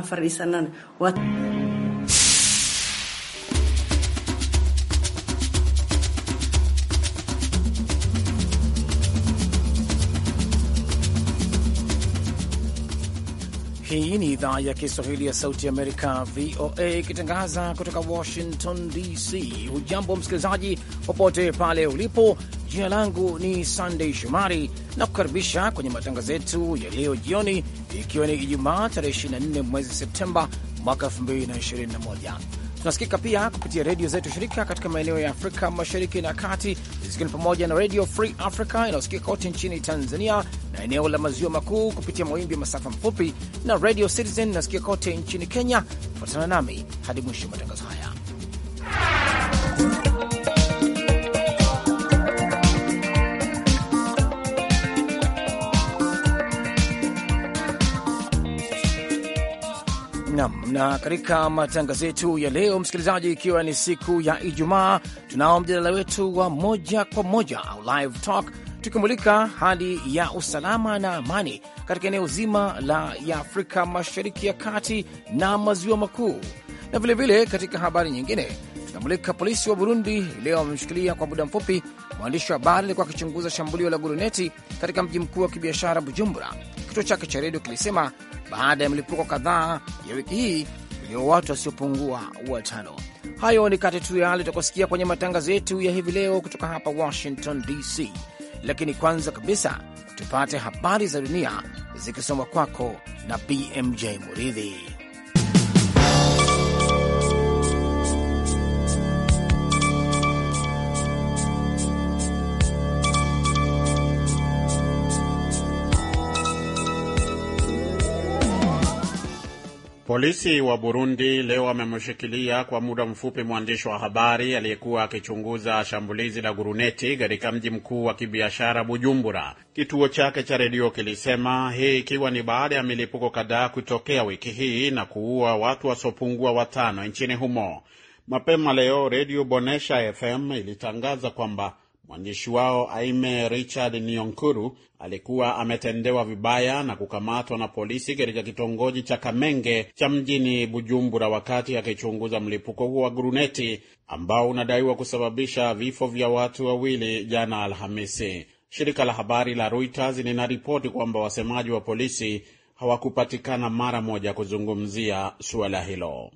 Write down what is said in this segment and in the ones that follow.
Hii ni idhaa ya Kiswahili ya Sauti ya Amerika, VOA, ikitangaza kutoka Washington DC. Hujambo msikilizaji, popote pale ulipo. Jina langu ni sandey Shomari na kukaribisha kwenye matangazo yetu ya leo jioni, ikiwa ni Ijumaa tarehe 24 mwezi Septemba mwaka 2021. Tunasikika pia kupitia redio zetu shirika katika maeneo ya Afrika mashariki na kati, zikiwa ni pamoja na Redio Free Africa inayosikika kote nchini Tanzania na eneo la maziwa makuu kupitia mawimbi ya masafa mafupi na Radio Citizen inayosikika kote nchini Kenya. Fuatana nami hadi mwisho wa matangazo haya Nam. Na katika matangazo yetu ya leo, msikilizaji, ikiwa ni siku ya Ijumaa, tunao mjadala wetu wa moja kwa moja au live talk, tukimulika hali ya usalama na amani katika eneo zima la ya Afrika Mashariki ya Kati na Maziwa Makuu, na vilevile vile, katika habari nyingine tunamulika polisi wa Burundi leo wamemshikilia kwa muda mfupi mwandishi wa habari alikuwa akichunguza shambulio la guruneti katika mji mkuu wa kibiashara Bujumbura. Kituo chake cha redio kilisema baada ya mlipuko kadhaa ya wiki hii ulio watu wasiopungua watano. Hayo ni kati tu yale utakusikia kwenye matangazo yetu ya hivi leo kutoka hapa Washington DC, lakini kwanza kabisa tupate habari za dunia zikisomwa kwako na BMJ Muridhi. Polisi wa Burundi leo wamemshikilia kwa muda mfupi mwandishi wa habari aliyekuwa akichunguza shambulizi la guruneti katika mji mkuu wa kibiashara Bujumbura. Kituo chake cha redio kilisema, hii ikiwa ni baada ya milipuko kadhaa kutokea wiki hii na kuua watu wasiopungua watano nchini humo. Mapema leo redio Bonesha FM ilitangaza kwamba Mwandishi wao Aime Richard Nionkuru alikuwa ametendewa vibaya na kukamatwa na polisi katika kitongoji cha Kamenge cha mjini Bujumbura wakati akichunguza mlipuko huo wa gruneti ambao unadaiwa kusababisha vifo vya watu wawili jana Alhamisi. Shirika la habari la Reuters linaripoti kwamba wasemaji wa polisi hawakupatikana mara moja kuzungumzia suala hilo.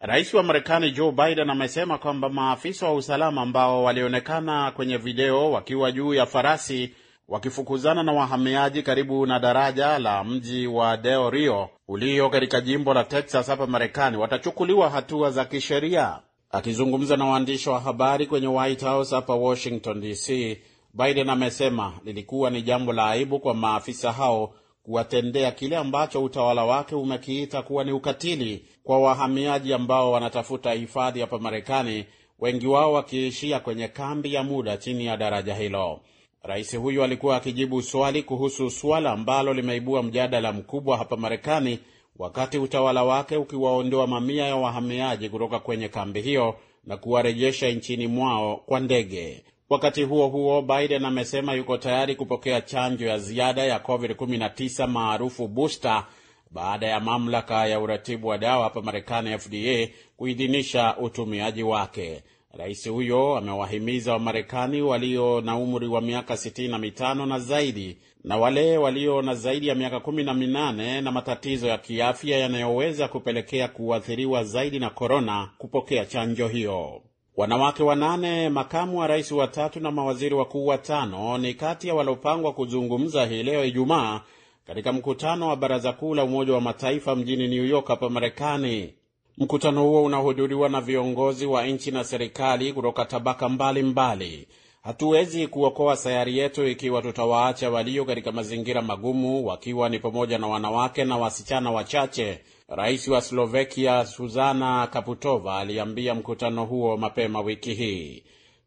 Rais wa Marekani Joe Biden amesema kwamba maafisa wa usalama ambao walionekana kwenye video wakiwa juu ya farasi wakifukuzana na wahamiaji karibu na daraja la mji wa Del Rio ulio katika jimbo la Texas hapa Marekani watachukuliwa hatua za kisheria. Akizungumza na waandishi wa habari kwenye White House hapa Washington DC, Biden amesema lilikuwa ni jambo la aibu kwa maafisa hao kuwatendea kile ambacho utawala wake umekiita kuwa ni ukatili kwa wahamiaji ambao wanatafuta hifadhi hapa Marekani, wengi wao wakiishia kwenye kambi ya muda chini ya daraja hilo. Rais huyu alikuwa akijibu swali kuhusu suala ambalo limeibua mjadala mkubwa hapa Marekani wakati utawala wake ukiwaondoa mamia ya wahamiaji kutoka kwenye kambi hiyo na kuwarejesha nchini mwao kwa ndege. Wakati huo huo, Biden amesema yuko tayari kupokea chanjo ya ziada ya COVID-19 maarufu booster baada ya mamlaka ya uratibu wa dawa hapa Marekani FDA kuidhinisha utumiaji wake. Rais huyo amewahimiza Wamarekani walio na umri wa miaka sitini na mitano na zaidi na wale walio na zaidi ya miaka kumi na minane na matatizo ya kiafya yanayoweza kupelekea kuathiriwa zaidi na korona kupokea chanjo hiyo. Wanawake wanane, makamu wa rais watatu na mawaziri wakuu watano ni kati ya waliopangwa kuzungumza hii leo Ijumaa katika mkutano wa baraza kuu la Umoja wa Mataifa mjini New York hapa Marekani. Mkutano huo unahudhuriwa na viongozi wa nchi na serikali kutoka tabaka mbalimbali. Hatuwezi kuokoa sayari yetu ikiwa tutawaacha walio katika mazingira magumu, wakiwa ni pamoja na wanawake na wasichana wachache Rais wa Slovakia Suzana Kaputova aliambia mkutano huo mapema wiki hii.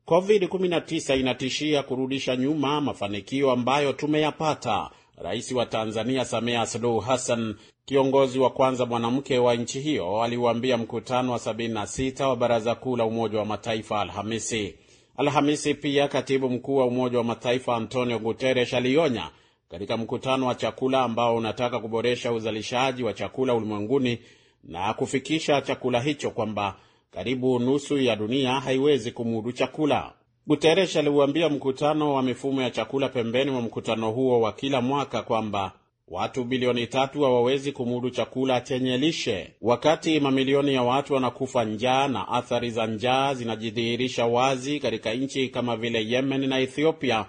COVID-19 inatishia kurudisha nyuma mafanikio ambayo tumeyapata. Rais wa Tanzania Samia Suluhu Hassan, kiongozi wa kwanza mwanamke wa nchi hiyo, aliuambia mkutano wa 76 wa Baraza Kuu la Umoja wa Mataifa Alhamisi. Alhamisi pia katibu mkuu wa Umoja wa Mataifa Antonio Guterres alionya katika mkutano wa chakula ambao unataka kuboresha uzalishaji wa chakula ulimwenguni na kufikisha chakula hicho kwamba karibu nusu ya dunia haiwezi kumudu chakula. guteresh aliuambia mkutano wa mifumo ya chakula pembeni mwa mkutano huo wa kila mwaka kwamba watu bilioni tatu hawawezi kumudu chakula chenye lishe, wakati mamilioni ya watu wanakufa njaa na athari za njaa zinajidhihirisha wazi katika nchi kama vile Yemen na Ethiopia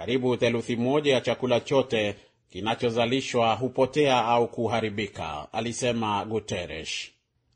karibu theluthi moja ya chakula chote kinachozalishwa hupotea au kuharibika, alisema Guterres.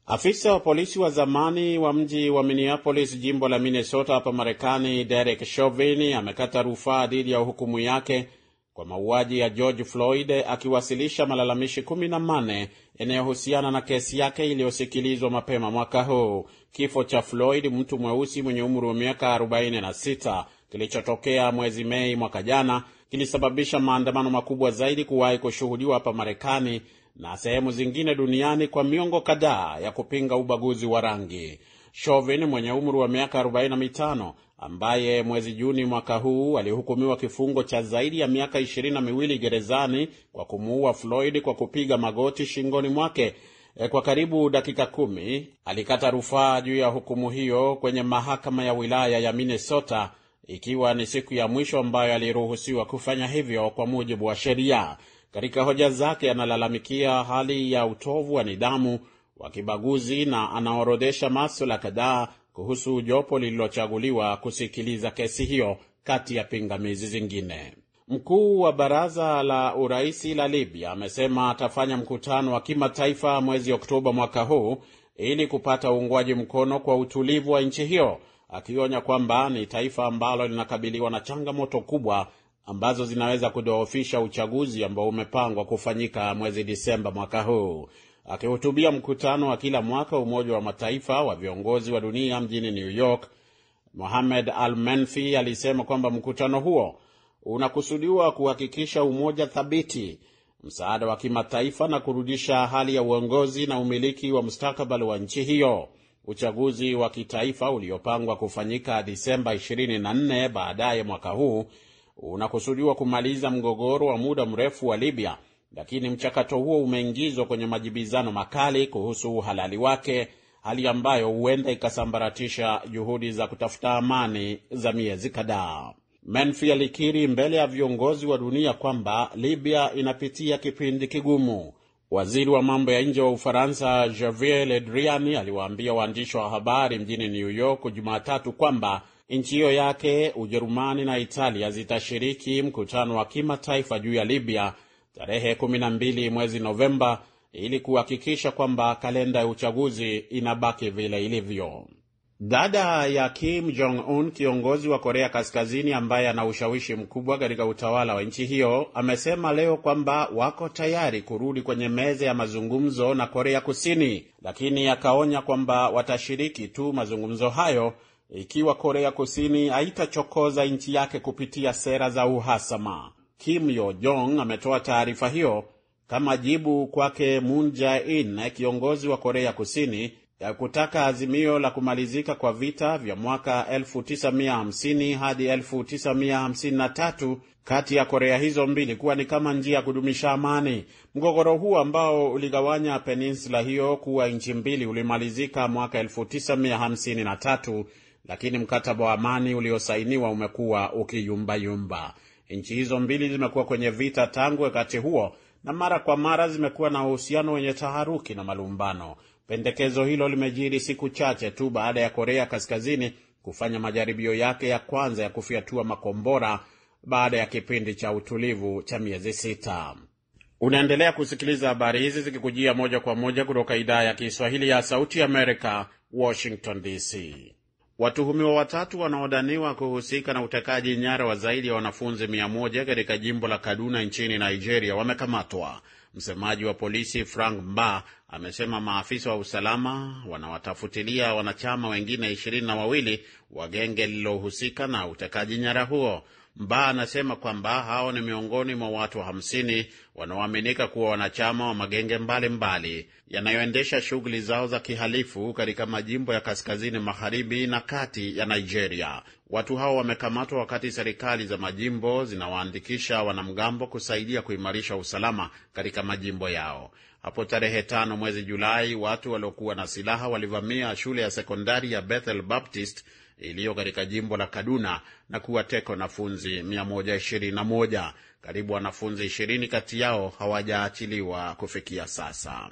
Afisa wa polisi wa zamani wa mji wa Minneapolis, jimbo la Minnesota hapa Marekani, Derek Chauvin amekata rufaa dhidi ya hukumu yake kwa mauaji ya George Floyd, akiwasilisha malalamishi kumi na manne yanayohusiana na kesi yake iliyosikilizwa mapema mwaka huu. Kifo cha Floyd, mtu mweusi mwenye umri wa miaka 46 kilichotokea mwezi Mei mwaka jana kilisababisha maandamano makubwa zaidi kuwahi kushuhudiwa hapa Marekani na sehemu zingine duniani kwa miongo kadhaa ya kupinga ubaguzi wa rangi. Chauvin mwenye umri wa miaka 45 ambaye mwezi Juni mwaka huu alihukumiwa kifungo cha zaidi ya miaka ishirini na miwili gerezani kwa kumuua Floyd kwa kupiga magoti shingoni mwake eh, kwa karibu dakika kumi, alikata rufaa juu ya hukumu hiyo kwenye mahakama ya wilaya ya Minnesota ikiwa ni siku ya mwisho ambayo aliruhusiwa kufanya hivyo kwa mujibu wa sheria. Katika hoja zake analalamikia hali ya utovu wa nidhamu wa kibaguzi na anaorodhesha maswala kadhaa kuhusu jopo lililochaguliwa kusikiliza kesi hiyo kati ya pingamizi zingine. Mkuu wa baraza la uraisi la Libya amesema atafanya mkutano wa kimataifa mwezi Oktoba mwaka huu ili kupata uungwaji mkono kwa utulivu wa nchi hiyo akionya kwamba ni taifa ambalo linakabiliwa na changamoto kubwa ambazo zinaweza kudhoofisha uchaguzi ambao umepangwa kufanyika mwezi Disemba mwaka huu. Akihutubia mkutano wa kila mwaka Umoja wa Mataifa wa viongozi wa dunia mjini New York, Mohamed Al-Menfi alisema kwamba mkutano huo unakusudiwa kuhakikisha umoja thabiti, msaada wa kimataifa na kurudisha hali ya uongozi na umiliki wa mustakabali wa nchi hiyo. Uchaguzi wa kitaifa uliopangwa kufanyika Disemba 24 baadaye mwaka huu unakusudiwa kumaliza mgogoro wa muda mrefu wa Libya, lakini mchakato huo umeingizwa kwenye majibizano makali kuhusu uhalali wake, hali ambayo huenda ikasambaratisha juhudi za kutafuta amani za miezi kadhaa. Menfi alikiri mbele ya viongozi wa dunia kwamba Libya inapitia kipindi kigumu Waziri wa mambo ya nje wa Ufaransa Javier Le Drian aliwaambia waandishi wa habari mjini New York Jumatatu kwamba nchi hiyo yake, Ujerumani na Italia zitashiriki mkutano wa kimataifa juu ya Libya tarehe 12 mwezi Novemba ili kuhakikisha kwamba kalenda ya uchaguzi inabaki vile ilivyo. Dada ya Kim Jong Un, kiongozi wa Korea Kaskazini ambaye ana ushawishi mkubwa katika utawala wa nchi hiyo, amesema leo kwamba wako tayari kurudi kwenye meza ya mazungumzo na Korea Kusini, lakini akaonya kwamba watashiriki tu mazungumzo hayo ikiwa Korea Kusini haitachokoza nchi yake kupitia sera za uhasama. Kim Yo Jong ametoa taarifa hiyo kama jibu kwake Moon Jae-in, kiongozi wa Korea Kusini ya kutaka azimio la kumalizika kwa vita vya mwaka 1950 hadi 1953 kati ya Korea hizo mbili kuwa ni kama njia ya kudumisha amani. Mgogoro huu ambao uligawanya peninsula hiyo kuwa nchi mbili ulimalizika mwaka 1953, lakini mkataba wa amani uliosainiwa umekuwa ukiyumbayumba. Nchi hizo mbili zimekuwa kwenye vita tangu wakati huo, na mara kwa mara zimekuwa na uhusiano wenye taharuki na malumbano. Pendekezo hilo limejiri siku chache tu baada ya Korea Kaskazini kufanya majaribio yake ya kwanza ya kufyatua makombora baada ya kipindi cha utulivu cha miezi sita. Unaendelea kusikiliza habari hizi zikikujia moja kwa moja kutoka idhaa ya Kiswahili ya Sauti ya Amerika, Washington DC. Watuhumiwa watatu wanaodhaniwa kuhusika na utekaji nyara wa zaidi ya wanafunzi mia moja katika jimbo la Kaduna nchini Nigeria wamekamatwa. Msemaji wa polisi Frank Mba amesema maafisa wa usalama wanawatafutilia wanachama wengine ishirini na wawili wa genge lililohusika na utekaji nyara huo. Mba anasema kwamba hao ni miongoni mwa watu hamsini wanaoaminika kuwa wanachama wa magenge mbalimbali yanayoendesha shughuli zao za kihalifu katika majimbo ya kaskazini magharibi na kati ya Nigeria. Watu hao wamekamatwa wakati serikali za majimbo zinawaandikisha wanamgambo kusaidia kuimarisha usalama katika majimbo yao. Hapo tarehe tano mwezi Julai, watu waliokuwa na silaha walivamia shule ya sekondari ya Bethel Baptist iliyo katika jimbo la Kaduna na kuwateka wanafunzi 121. Karibu wanafunzi 20 kati yao hawajaachiliwa kufikia sasa.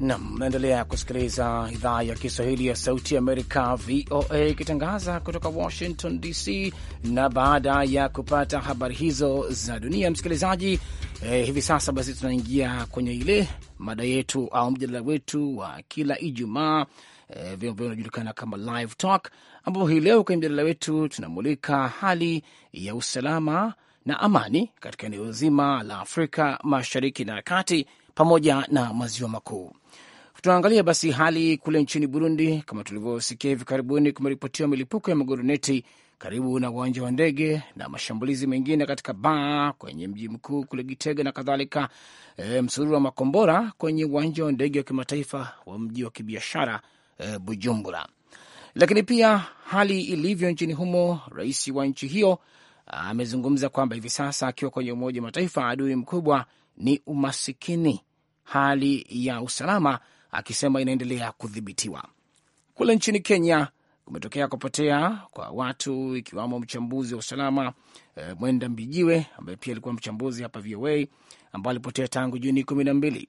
Nam, naendelea kusikiliza idhaa ya Kiswahili ya Sauti ya Amerika, VOA, ikitangaza kutoka Washington DC. Na baada ya kupata habari hizo za dunia, msikilizaji, eh, hivi sasa basi tunaingia kwenye ile mada yetu au mjadala wetu wa kila Ijumaa eh, vyombo kama Live Talk, ambapo hii leo kwenye mjadala wetu tunamulika hali ya usalama na amani katika eneo zima la Afrika Mashariki na Kati pamoja na Maziwa Makuu. Tunaangalia basi hali kule nchini Burundi. Kama tulivyosikia hivi karibuni, kumeripotiwa milipuko ya maguruneti karibu na uwanja wa ndege na mashambulizi mengine katika baa kwenye mji mkuu kule Gitega na kadhalika. E, msururu wa makombora kwenye uwanja wa ndege wa kimataifa wa mji wa kibiashara e, Bujumbura. Lakini pia hali ilivyo nchini humo, rais wa nchi hiyo amezungumza kwamba hivi sasa akiwa kwenye Umoja wa Mataifa adui mkubwa ni umasikini, hali ya usalama akisema inaendelea kudhibitiwa. Kule nchini Kenya kumetokea kupotea kwa watu ikiwamo mchambuzi wa usalama e, Mwenda Mbijiwe ambaye pia alikuwa mchambuzi hapa VOA ambaye alipotea tangu Juni kumi na mbili.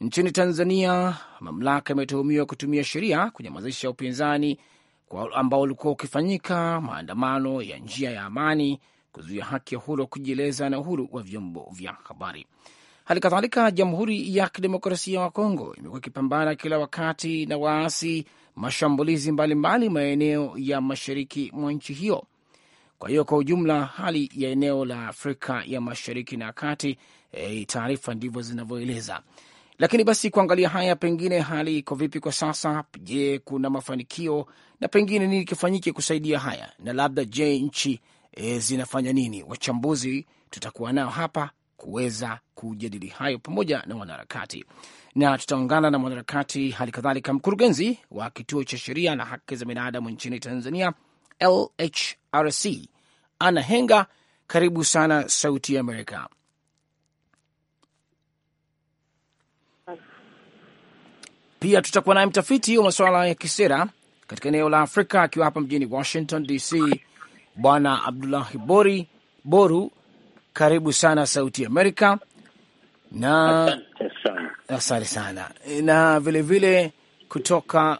Nchini Tanzania, mamlaka imetuhumiwa kutumia sheria kunyamazisha upinzani ambao ulikuwa ukifanyika maandamano ya njia ya amani, kuzuia haki ya uhuru wa kujieleza na uhuru wa vyombo vya habari. Hali kadhalika Jamhuri ya Kidemokrasia wa Kongo imekuwa ikipambana kila wakati na waasi, mashambulizi mbalimbali maeneo ya mashariki mwa nchi hiyo. Kwa hiyo kwa ujumla, hali ya eneo la Afrika ya mashariki na kati, e, taarifa ndivyo zinavyoeleza. Lakini basi kuangalia haya, pengine hali iko vipi kwa sasa? Je, kuna mafanikio na pengine nini kifanyike kusaidia haya, na labda je, nchi e, zinafanya nini? Wachambuzi tutakuwa nao hapa kuweza kujadili hayo pamoja na wanaharakati, na tutaungana na mwanaharakati hali kadhalika mkurugenzi wa kituo cha sheria na haki za binadamu nchini Tanzania, LHRC, Ana Henga. Karibu sana Sauti ya Amerika. Pia tutakuwa naye mtafiti wa masuala ya kisera katika eneo la Afrika akiwa hapa mjini Washington DC, Bwana Abdullahi Bori Boru karibu sana Sauti Amerika na asante sana, sana. Na vilevile vile kutoka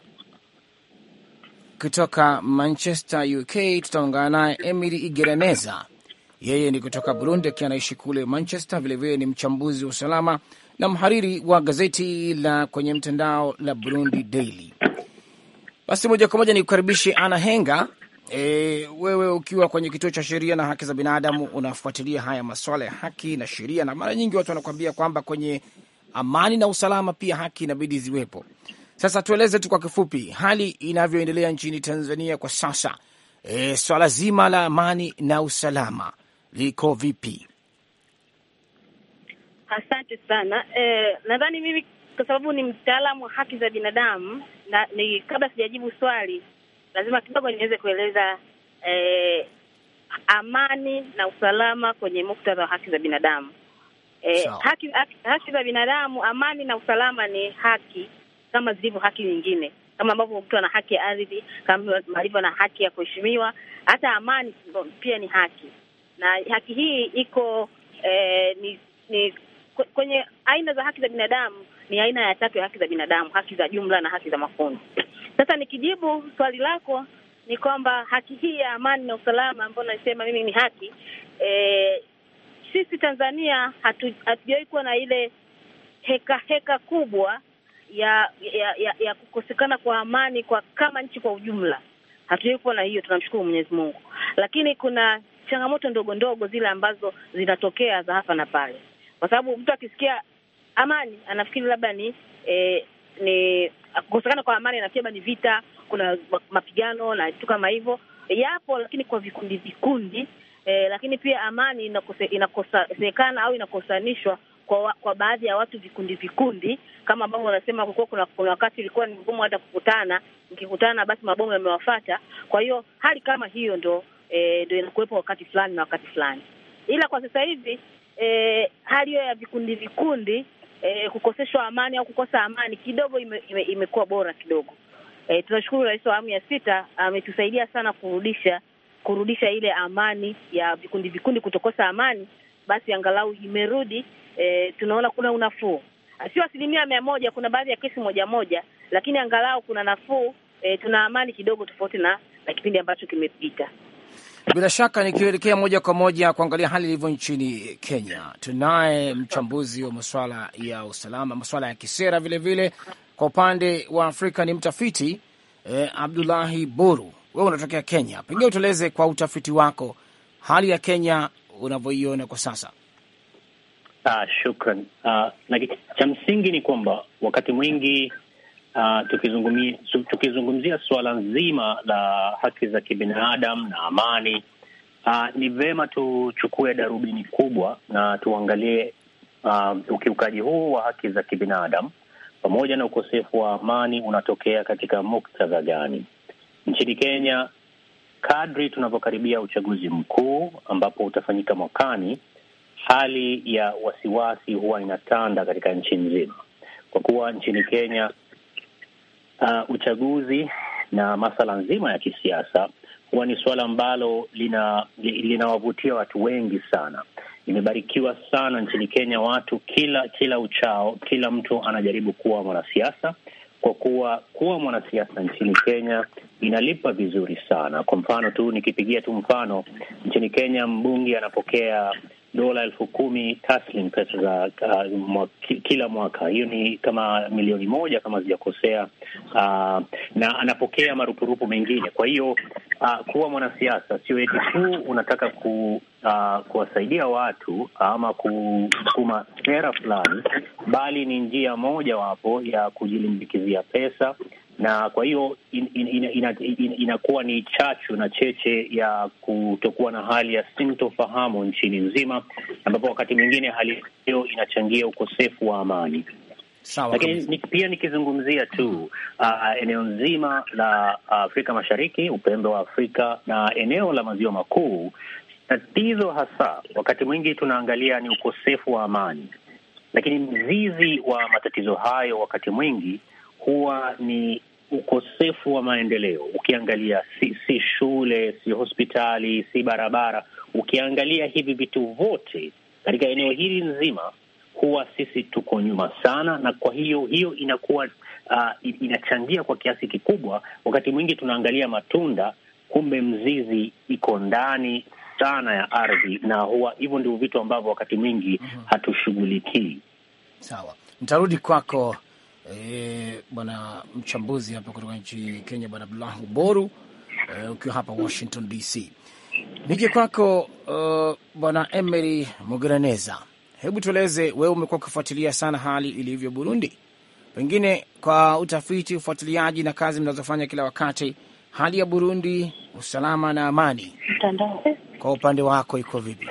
kutoka Manchester UK tutaungana naye Emily Igereneza, yeye ni kutoka Burundi akiwa anaishi kule Manchester. Vilevile vile ni mchambuzi wa usalama na mhariri wa gazeti la kwenye mtandao la Burundi Daily. Basi moja kwa moja ni kukaribishe Ana Henga E, wewe ukiwa kwenye kituo cha sheria na haki za binadamu unafuatilia haya masuala ya haki na sheria, na mara nyingi watu wanakuambia kwamba kwenye amani na usalama pia haki inabidi ziwepo. Sasa tueleze tu kwa kifupi hali inavyoendelea nchini Tanzania kwa sasa. E, swala zima la amani na usalama liko vipi? Asante sana. E, nadhani mimi kwa sababu ni mtaalamu wa haki za binadamu na, ni kabla sijajibu swali lazima kidogo niweze kueleza eh, amani na usalama kwenye muktadha wa haki za binadamu. Eh, haki, haki, haki za binadamu, amani na usalama ni haki kama zilivyo haki nyingine, kama ambavyo mtu ana haki ya ardhi, kama alivyo na haki ya kuheshimiwa, hata amani pia ni haki, na haki hii iko eh, ni, ni kwenye aina za haki za binadamu, ni aina ya tatu ya haki za binadamu, haki za jumla na haki za makundi. Sasa nikijibu swali lako ni kwamba haki hii ya amani na usalama ambayo naisema mimi ni haki e, sisi Tanzania hatujawahi kuwa na ile heka heka kubwa ya ya, ya, ya kukosekana kwa amani kwa kama nchi kwa ujumla, hatujawahi kuwa na hiyo, tunamshukuru Mwenyezi Mungu, lakini kuna changamoto ndogo ndogo zile ambazo zinatokea za hapa na pale, kwa sababu mtu akisikia amani anafikiri labda ni e, ni kukosekana kwa amani, nasema ni vita, kuna mapigano na kitu kama hivyo yapo, lakini kwa vikundi vikundi eh, lakini pia amani inakosekana au inakosanishwa kwa, kwa baadhi ya watu vikundi vikundi, kama ambavyo wanasema kulikuwa kuna, kuna wakati ilikuwa ni ngumu hata kukutana, nikikutana basi mabomu yamewafata. Kwa hiyo hali kama hiyo ndo e, ndo inakuwepo wakati fulani na wakati fulani, ila kwa sasa hivi e, hali hiyo ya vikundi vikundi eh, kukoseshwa amani au kukosa amani kidogo imekuwa ime, ime bora kidogo. Eh, tunashukuru Rais wa awamu ya sita ametusaidia sana kurudisha kurudisha ile amani ya vikundi vikundi kutokosa amani, basi angalau imerudi. Eh, tunaona kuna unafuu, sio asilimia mia moja, kuna baadhi ya kesi moja moja, lakini angalau kuna nafuu. Eh, tuna amani kidogo, tofauti na na kipindi ambacho kimepita. Bila shaka nikielekea moja kwa moja kuangalia hali ilivyo nchini Kenya, tunaye mchambuzi wa masuala ya usalama, masuala ya kisera vilevile vile. Kwa upande wa Afrika ni mtafiti eh, Abdullahi Boru, wewe unatokea Kenya, pengine utueleze kwa utafiti wako hali ya Kenya unavyoiona kwa sasa. Ah, shukran. Ah, cha msingi ni kwamba wakati mwingi uh, tukizungumzia, tukizungumzia suala nzima la haki za kibinadamu na amani uh, ni vema tuchukue darubini kubwa na tuangalie uh, ukiukaji huu wa haki za kibinadamu pamoja na ukosefu wa amani unatokea katika muktadha gani? Nchini Kenya, kadri tunavyokaribia uchaguzi mkuu ambapo utafanyika mwakani, hali ya wasiwasi huwa inatanda katika nchi nzima, kwa kuwa nchini Kenya uh, uchaguzi na masala nzima ya kisiasa huwa ni suala ambalo linawavutia lina watu wengi sana. Imebarikiwa sana nchini Kenya, watu kila kila uchao, kila mtu anajaribu kuwa mwanasiasa, kwa kuwa kuwa mwanasiasa nchini Kenya inalipa vizuri sana. Kwa mfano tu nikipigia tu mfano, nchini Kenya mbunge anapokea dola elfu kumi taslim pesa za uh, mwa, kila mwaka. Hiyo ni kama milioni moja kama sijakosea, uh, na anapokea marupurupu mengine. Kwa hiyo uh, kuwa mwanasiasa sio eti tu unataka ku uh, kuwasaidia watu ama kusukuma sera fulani, bali ni njia moja wapo ya kujilimbikizia pesa na kwa hiyo inakuwa in, in, in, in, in ni chachu na cheche ya kutokuwa na hali ya sintofahamu nchini nzima, ambapo wakati mwingine hali hiyo inachangia ukosefu wa amani. Sawa, lakini ni, pia nikizungumzia tu uh, eneo nzima la Afrika Mashariki, upembe wa Afrika na eneo la maziwa makuu, tatizo hasa wakati mwingi tunaangalia ni ukosefu wa amani, lakini mzizi wa matatizo hayo wakati mwingi huwa ni ukosefu wa maendeleo. Ukiangalia si, si shule, si hospitali, si barabara. Ukiangalia hivi vitu vyote katika eneo hili nzima, huwa sisi tuko nyuma sana, na kwa hiyo hiyo inakuwa uh, inachangia kwa kiasi kikubwa. Wakati mwingi tunaangalia matunda, kumbe mzizi iko ndani sana ya ardhi, na huwa hivyo ndivyo vitu ambavyo wakati mwingi mm -hmm. hatushughulikii. Sawa, nitarudi kwako e, bwana mchambuzi hapa kutoka nchi Kenya, bwana Abdullah Uboru, e, eh, ukiwa hapa Washington DC. Nije kwako uh, bwana Emery Mugiraneza, hebu tueleze wewe, umekuwa ukifuatilia sana hali ilivyo Burundi, pengine kwa utafiti, ufuatiliaji na kazi mnazofanya kila wakati, hali ya Burundi, usalama na amani kwa upande wako iko vipi?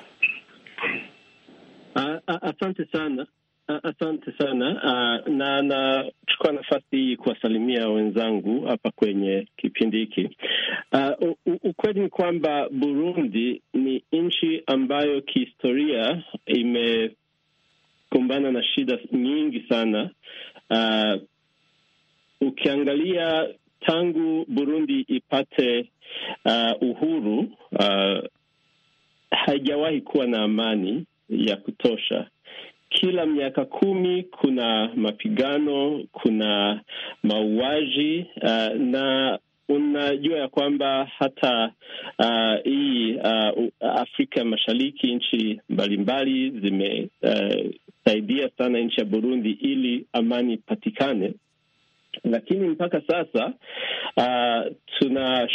Ah, ah, asante sana. Ah, asante sana uh, na nachukua nafasi hii kuwasalimia wenzangu hapa kwenye kipindi hiki. Uh, ukweli ni kwamba Burundi ni nchi ambayo kihistoria imekumbana na shida nyingi sana. Uh, ukiangalia tangu Burundi ipate uh, uhuru uh, haijawahi kuwa na amani ya kutosha kila miaka kumi kuna mapigano, kuna mauaji uh, na unajua ya kwamba hata uh, hii uh, uh, Afrika Mashariki, nchi mbalimbali zimesaidia uh, sana nchi ya Burundi ili amani ipatikane, lakini mpaka sasa uh, tuna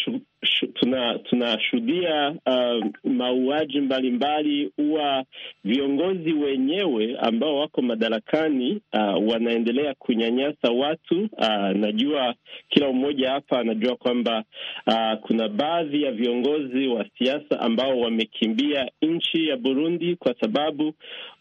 tunashuhudia tuna uh, mauaji mbalimbali, huwa viongozi wenyewe ambao wako madarakani uh, wanaendelea kunyanyasa watu uh, najua kila mmoja hapa anajua kwamba uh, kuna baadhi ya viongozi wa siasa ambao wamekimbia nchi ya Burundi kwa sababu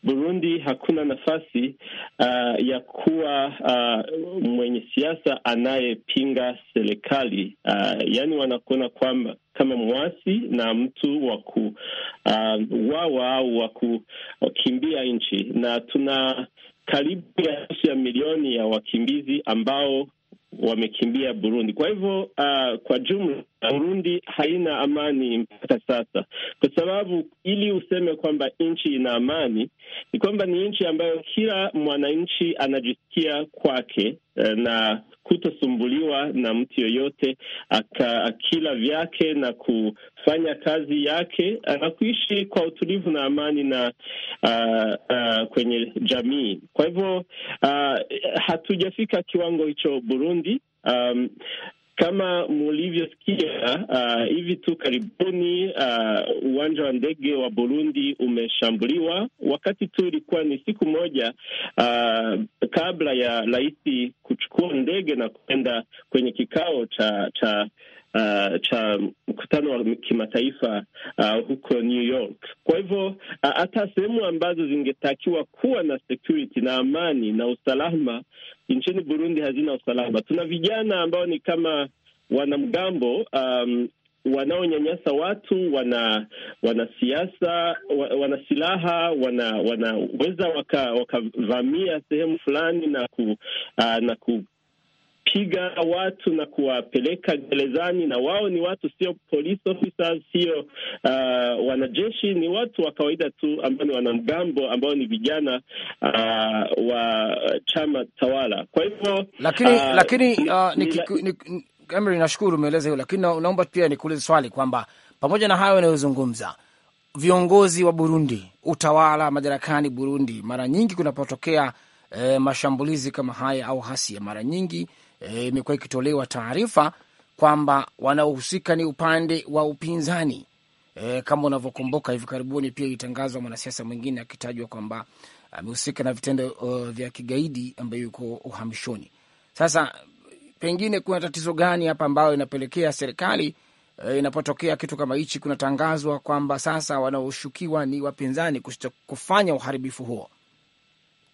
Burundi hakuna nafasi uh, ya kuwa uh, mwenye siasa anayepinga serikali uh, yani wanakuona kuona kwamba kama mwasi na mtu wa uh, au wa kukimbia uh, nchi, na tuna karibu ya nusu ya milioni ya wakimbizi ambao wamekimbia Burundi. Kwa hivyo uh, kwa jumla Burundi haina amani mpaka sasa, kwa sababu ili useme kwamba nchi ina amani ni kwamba ni nchi ambayo kila mwananchi anajisikia kwake Eh, na kutosumbuliwa na mtu yoyote, akila vyake na kufanya kazi yake eh, na kuishi kwa utulivu na amani na uh, uh, kwenye jamii. Kwa hivyo uh, hatujafika kiwango hicho Burundi. Um, kama mulivyosikia uh, hivi tu karibuni uh, uwanja wa ndege wa Burundi umeshambuliwa. Wakati tu ilikuwa ni siku moja uh, kabla ya rais kuchukua ndege na kwenda kwenye kikao cha cha uh, cha mkutano wa kimataifa uh, huko New York. Kwa hivyo uh, hata uh, sehemu ambazo zingetakiwa kuwa na security na amani na usalama nchini Burundi hazina usalama. Tuna vijana ambao ni kama wanamgambo um, wanaonyanyasa watu, wana wanasiasa, wana silaha, wanaweza wana, waka wakavamia sehemu fulani na ku, uh, na ku kuwapiga watu na kuwapeleka gerezani, na wao ni watu, sio police officers, sio uh, wanajeshi, ni watu wa kawaida tu ambao ni wanamgambo ambao ni vijana uh, wa chama tawala. Kwa hivyo lakini uh, lakini uh, Emery, nashukuru umeeleza hiyo, lakini naomba pia nikuulize swali kwamba pamoja na hayo yanayozungumza viongozi wa Burundi, utawala madarakani Burundi, mara nyingi kunapotokea e, mashambulizi kama haya au hasia, mara nyingi E, imekuwa e, ikitolewa taarifa kwamba wanaohusika ni upande wa upinzani e, kama unavyokumbuka hivi karibuni pia ilitangazwa mwanasiasa mwingine akitajwa kwamba amehusika na vitendo uh, vya kigaidi ambayo yuko uhamishoni. Sasa pengine kuna tatizo gani hapa ambayo inapelekea serikali e, inapotokea kitu kama hichi kunatangazwa kwamba sasa wanaoshukiwa ni wapinzani kufanya uharibifu huo?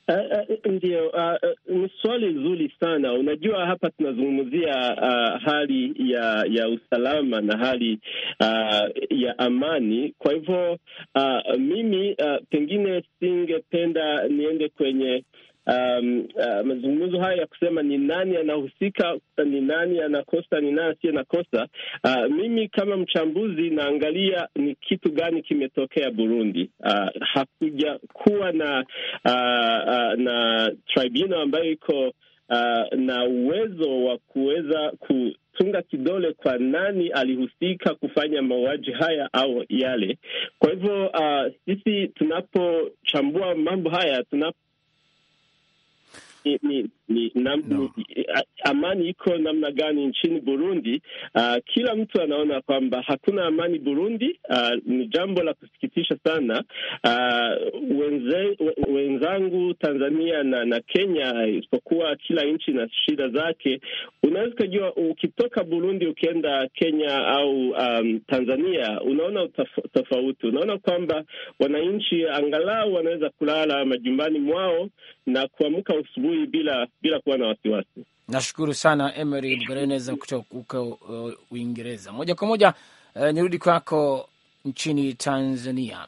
Uh, uh, ndio uh, ni swali nzuri sana. Unajua, hapa tunazungumzia uh, hali ya ya usalama na hali uh, ya amani. Kwa hivyo uh, mimi uh, pengine singependa niende kwenye um, uh, mazungumzo haya ya kusema ni nani anahusika, ni nani anakosa, ni nani asiye kosa. Uh, mimi kama mchambuzi naangalia ni kitu gani kimetokea Burundi. Uh, hakuja kuwa na uh, uh, na tribunal ambayo iko uh, na uwezo wa kuweza ku tunga kidole kwa nani alihusika kufanya mauaji haya au yale. Kwa hivyo uh, sisi tunapochambua mambo haya tunap ni, ni, nam, no. ni, amani iko namna gani nchini Burundi? Uh, kila mtu anaona kwamba hakuna amani Burundi. Uh, ni jambo la kusikitisha sana. Uh, wenze, wenzangu Tanzania na, na Kenya, isipokuwa kila nchi na shida zake. Unaweza ukajua ukitoka Burundi ukienda Kenya au um, Tanzania, unaona tofauti, unaona kwamba wananchi angalau wanaweza kulala majumbani mwao na kuamka usubuhi adui bila bila kuwa na wasiwasi. Nashukuru sana Emery Mgarenez kutoka huko uh, Uingereza. Moja kwa moja uh, nirudi kwako nchini Tanzania.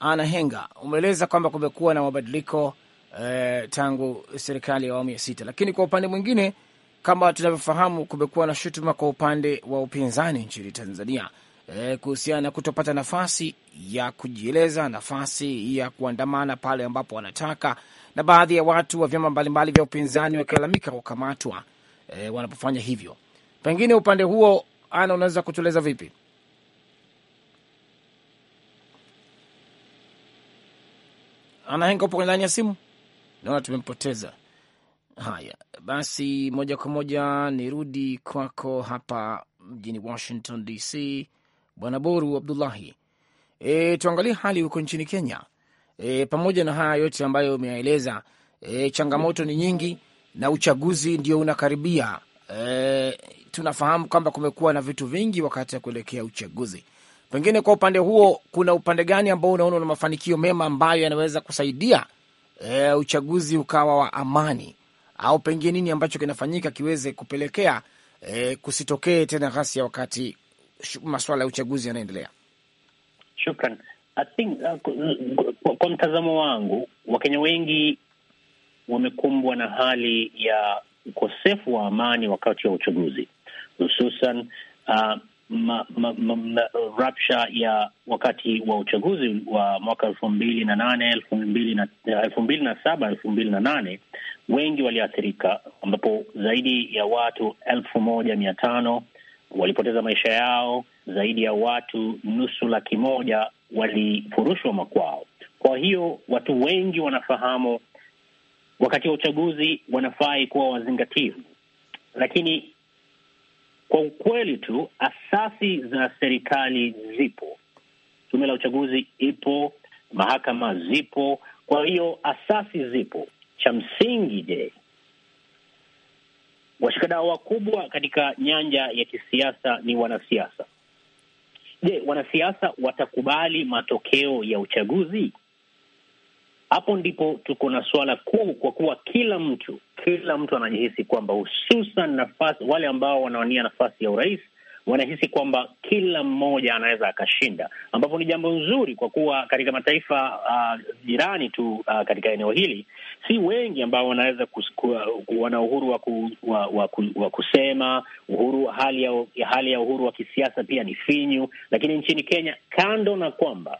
Ana Henga, umeeleza kwamba kumekuwa na mabadiliko eh, tangu serikali ya awamu ya sita, lakini kwa upande mwingine kama tunavyofahamu kumekuwa na shutuma kwa upande wa upinzani nchini Tanzania eh, kuhusiana na kutopata nafasi ya kujieleza, nafasi ya kuandamana pale ambapo wanataka na baadhi ya watu wa vyama mbalimbali vya upinzani wakilalamika kukamatwa e, wanapofanya hivyo. Pengine upande huo, Ana, unaweza kutueleza vipi? Ana Henga, upo ndani ya simu? Naona tumempoteza. Haya basi, moja kwa moja nirudi kwako hapa mjini Washington DC, Bwana Boru Abdullahi. E, tuangalie hali huko nchini Kenya e, pamoja na haya yote ambayo umeyaeleza, e, changamoto ni nyingi na uchaguzi ndio unakaribia. E, tunafahamu kwamba kumekuwa na vitu vingi wakati ya kuelekea uchaguzi. Pengine kwa upande huo, kuna upande gani ambao unaona una mafanikio mema ambayo yanaweza kusaidia e, uchaguzi ukawa wa amani, au pengine nini ambacho kinafanyika kiweze kupelekea e, kusitokee tena ghasia wakati masuala ya uchaguzi yanaendelea? Shukran. I think uh, uh kwa, kwa mtazamo wangu Wakenya wengi wamekumbwa na hali ya ukosefu wa amani wakati wa uchaguzi, hususan uh, rapsha ya wakati wa uchaguzi wa mwaka elfu mbili na nane elfu mbili na uh, elfu mbili na saba elfu mbili na nane wengi waliathirika, ambapo zaidi ya watu elfu moja mia tano walipoteza maisha yao, zaidi ya watu nusu laki moja walifurushwa makwao. Kwa hiyo watu wengi wanafahamu wakati wa uchaguzi wanafai kuwa wazingativu, lakini kwa ukweli tu asasi za serikali zipo, tume la uchaguzi ipo, mahakama zipo, kwa hiyo asasi zipo. Cha msingi, je, washikadau wakubwa katika nyanja ya kisiasa ni wanasiasa? Je, wanasiasa watakubali matokeo ya uchaguzi? Hapo ndipo tuko na suala kuu, kwa kuwa kila mtu kila mtu anajihisi kwamba hususan nafasi, wale ambao wanawania nafasi ya urais wanahisi kwamba kila mmoja anaweza akashinda, ambapo ni jambo nzuri kwa kuwa katika mataifa uh, jirani uh, tu uh, katika eneo hili si wengi ambao wanaweza wana uhuru wa, ku, wa, wa, wa kusema uhuru, hali ya, hali ya uhuru wa kisiasa pia ni finyu, lakini nchini Kenya kando na kwamba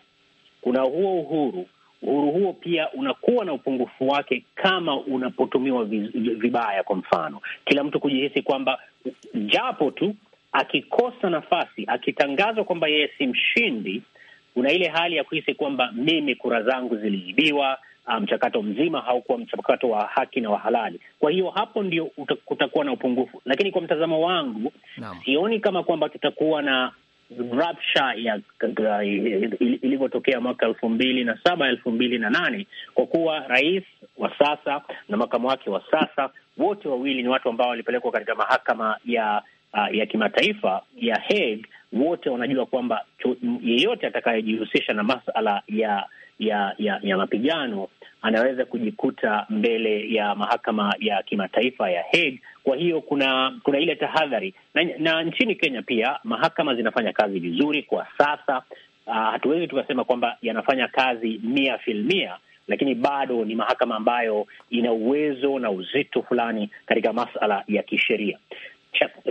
kuna huo uhuru uhuru huo pia unakuwa na upungufu wake kama unapotumiwa vibaya. Kwa mfano, kila mtu kujihisi kwamba japo tu akikosa nafasi, akitangazwa kwamba yeye si mshindi, kuna ile hali ya kuhisi kwamba mimi kura zangu ziliibiwa, ah, mchakato mzima haukuwa mchakato wa haki na wa halali. Kwa hiyo hapo ndio kutakuwa na upungufu, lakini kwa mtazamo wangu no. sioni kama kwamba tutakuwa na rapsha ya ilivyotokea mwaka elfu mbili na saba elfu mbili na nane kwa kuwa rais wa sasa na makamu wake wa sasa wote wawili ni watu ambao walipelekwa katika mahakama ya uh, ya kimataifa ya Hague, wote wanajua kwamba yeyote atakayejihusisha na masala ya ya ya, ya mapigano anaweza kujikuta mbele ya mahakama ya kimataifa ya Hague. Kwa hiyo kuna kuna ile tahadhari na, na nchini Kenya pia mahakama zinafanya kazi vizuri kwa sasa. Uh, hatuwezi tukasema kwamba yanafanya kazi mia filmia, lakini bado ni mahakama ambayo ina uwezo na uzito fulani katika masala ya kisheria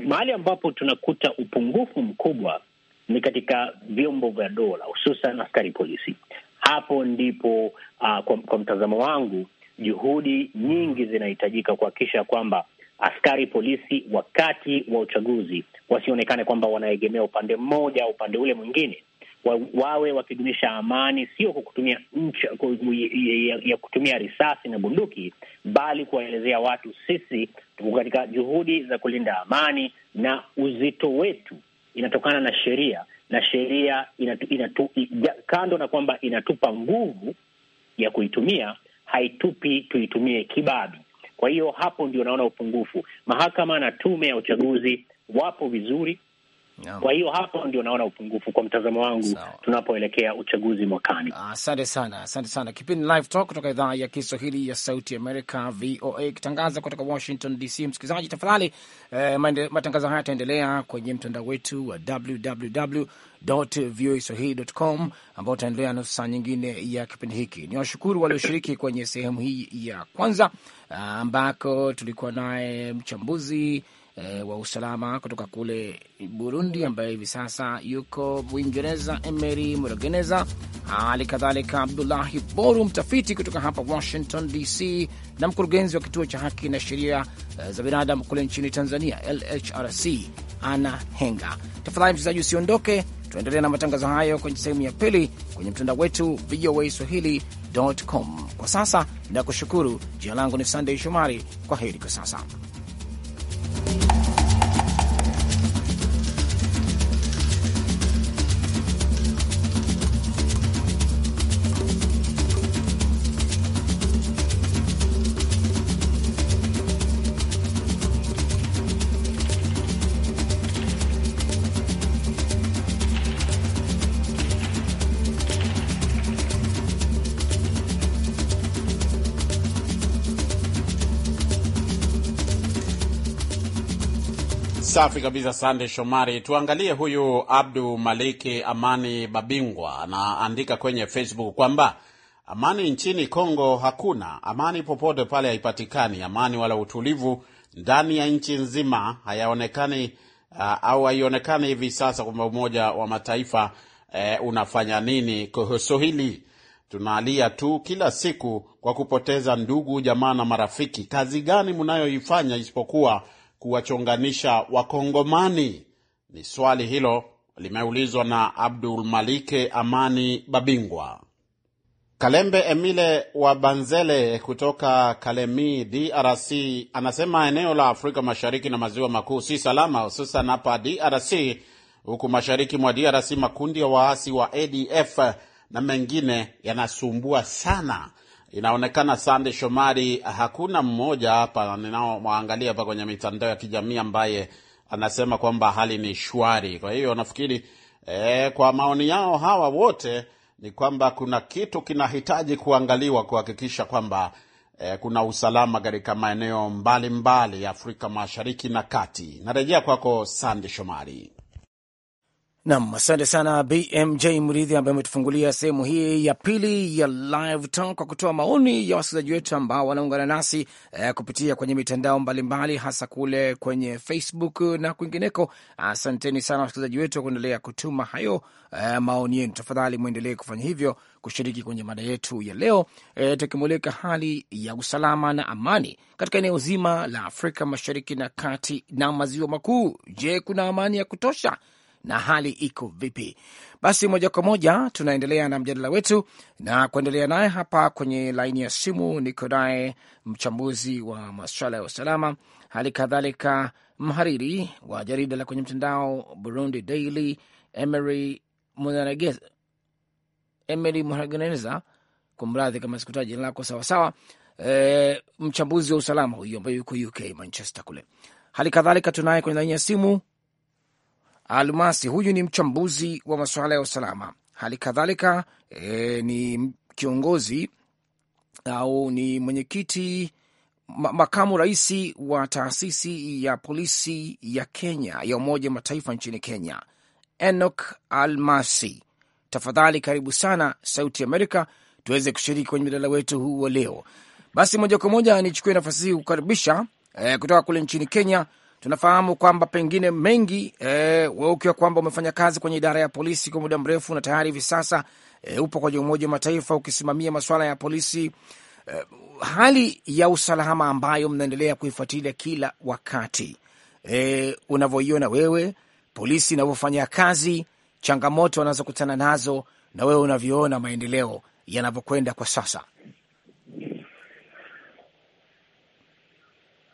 mahali ambapo tunakuta upungufu mkubwa ni katika vyombo vya dola, hususan askari polisi. Hapo ndipo uh, kwa, kwa mtazamo wangu juhudi nyingi zinahitajika kuhakikisha kwamba askari polisi wakati wa uchaguzi wasionekane kwamba wanaegemea upande mmoja au upande ule mwingine, wa, wawe wakidumisha amani, sio kwa kutumia ncha ya, ya kutumia risasi na bunduki, bali kuwaelezea watu sisi tuko katika juhudi za kulinda amani na uzito wetu inatokana na sheria na sheria inatu, inatu, ina, kando na kwamba inatupa nguvu ya kuitumia, haitupi tuitumie kibabi. Kwa hiyo hapo ndio naona upungufu. Mahakama na tume ya uchaguzi wapo vizuri, No. Kwa hiyo hapo ndio naona upungufu kwa mtazamo wangu so, tunapoelekea uchaguzi mwakani. Asante ah, sana, asante sana. Kipindi Live Talk kutoka idhaa ya Kiswahili ya Sauti Amerika VOA ikitangaza kutoka Washington DC. Msikilizaji tafadhali, eh, matangazo haya yataendelea kwenye mtandao wetu wa www.voaswahili.com ambao utaendelea nusu saa nyingine ya kipindi hiki. Ni washukuru walioshiriki kwenye sehemu hii ya kwanza ah, ambako tulikuwa naye mchambuzi Eh, wa usalama kutoka kule Burundi ambaye hivi sasa yuko Uingereza, Emery Murogeneza, hali kadhalika Abdullahi Boru, mtafiti kutoka hapa Washington DC na mkurugenzi wa kituo cha haki na sheria eh, za binadamu kule nchini Tanzania, LHRC, Ana Henga. Tafadhali mchezaji usiondoke, tuendelea na matangazo hayo kwenye sehemu ya pili kwenye mtandao wetu VOA Swahili.com. Kwa sasa nakushukuru. Jina langu ni Sandey Shomari. Kwa heri kwa sasa. Safi kabisa, sande Shomari. Tuangalie huyu Abdu Maliki Amani Babingwa anaandika kwenye Facebook kwamba amani nchini Kongo hakuna amani, popote pale haipatikani amani wala utulivu ndani ya nchi nzima hayaonekani, uh, au haionekani hivi sasa kwamba Umoja wa Mataifa uh, unafanya nini kuhusu hili. Tunalia tu kila siku kwa kupoteza ndugu, jamaa na marafiki. Kazi gani mnayoifanya isipokuwa kuwachonganisha Wakongomani? Ni swali hilo limeulizwa na Abdul Malike Amani Babingwa. Kalembe Emile wa Banzele kutoka Kalemi, DRC, anasema eneo la Afrika Mashariki na Maziwa Makuu si salama, hususan hapa DRC, huku mashariki mwa DRC makundi ya waasi wa ADF na mengine yanasumbua sana. Inaonekana Sande Shomari, hakuna mmoja hapa ninaomwangalia hapa kwenye mitandao ya kijamii ambaye anasema kwamba hali ni shwari. Kwa hiyo nafikiri e, kwa maoni yao hawa wote ni kwamba kuna kitu kinahitaji kuangaliwa kuhakikisha kwamba e, kuna usalama katika maeneo mbalimbali ya Afrika Mashariki na Kati. Narejea kwako Sande Shomari. Nam, asante sana BMJ Mridhi ambaye ametufungulia sehemu hii ya pili ya Live Talk kwa kutoa maoni ya wasikilizaji wetu ambao wanaungana nasi eh, kupitia kwenye mitandao mbalimbali mbali, hasa kule kwenye Facebook na kwingineko. Asanteni sana wasikilizaji wetu kuendelea kutuma hayo eh, maoni yenu. Tafadhali mwendelee kufanya hivyo, kushiriki kwenye mada yetu ya leo eh, tukimulika hali ya usalama na amani katika eneo zima la Afrika Mashariki na Kati na Maziwa Makuu. Je, kuna amani ya kutosha? na hali iko vipi? Basi moja kwa moja tunaendelea na mjadala wetu na kuendelea naye hapa kwenye laini ya simu, niko naye mchambuzi wa masuala ya usalama, hali kadhalika mhariri wa jarida la kwenye mtandao Burundi Daily, Emery Muhageneza, kumradhi kama sikutaja jina lako sawasawa. E, mchambuzi wa usalama huyu ambaye yuko UK Manchester kule. Hali kadhalika tunaye kwenye laini ya simu Almasi huyu ni mchambuzi wa masuala ya usalama, hali kadhalika e, ni kiongozi au ni mwenyekiti makamu rais wa taasisi ya polisi ya Kenya ya Umoja Mataifa nchini Kenya, Enoch Almasi. Tafadhali karibu sana Sauti Amerika tuweze kushiriki kwenye mjadala wetu huu wa leo. Basi moja kwa moja nichukue nafasi hii kukaribisha eh, kutoka kule nchini Kenya tunafahamu kwamba pengine mengi e, wewe ukiwa kwamba umefanya kazi kwenye idara ya polisi kwa muda mrefu na tayari hivi sasa e, upo kwenye Umoja wa Mataifa ukisimamia masuala ya polisi e, hali ya usalama ambayo mnaendelea kuifuatilia kila wakati e, unavyoiona wewe polisi inavyofanya kazi, changamoto wanazokutana nazo, na wewe unavyoona maendeleo yanavyokwenda kwa sasa.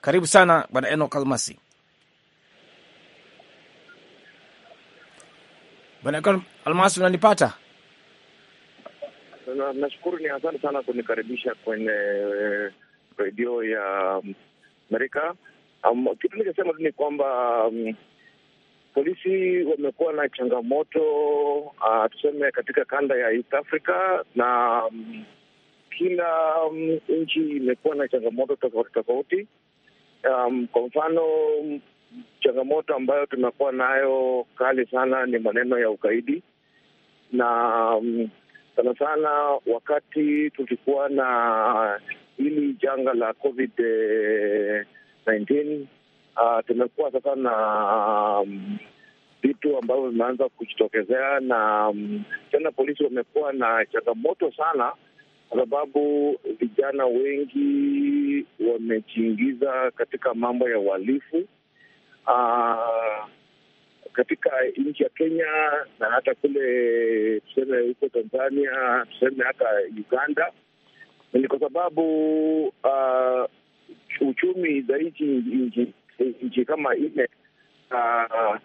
Karibu sana Bwana Enok Almasi. Bwana Almasi, unanipata? Nashukuru, ni asante sana kunikaribisha kwenye eh, redio ya mm, Amerika. Um, kitu nikasema tu ni kwamba um, polisi wamekuwa na changamoto uh, tuseme katika kanda ya East Africa na um, kila um, nchi imekuwa na changamoto tofauti tofauti. Um, kwa mfano changamoto ambayo tumekuwa nayo kali sana ni maneno ya ugaidi na um, sana sana wakati tulikuwa na hili janga la Covid 19 uh, ah, tumekuwa sasa na um, vitu ambavyo vimeanza kujitokezea na um, tena polisi wamekuwa na changamoto sana, kwa sababu vijana wengi wamejiingiza katika mambo ya uhalifu uh, katika nchi ya Kenya na hata kule tuseme huko Tanzania, tuseme hata Uganda, ni kwa sababu uh, uchumi za nchi kama ile uh,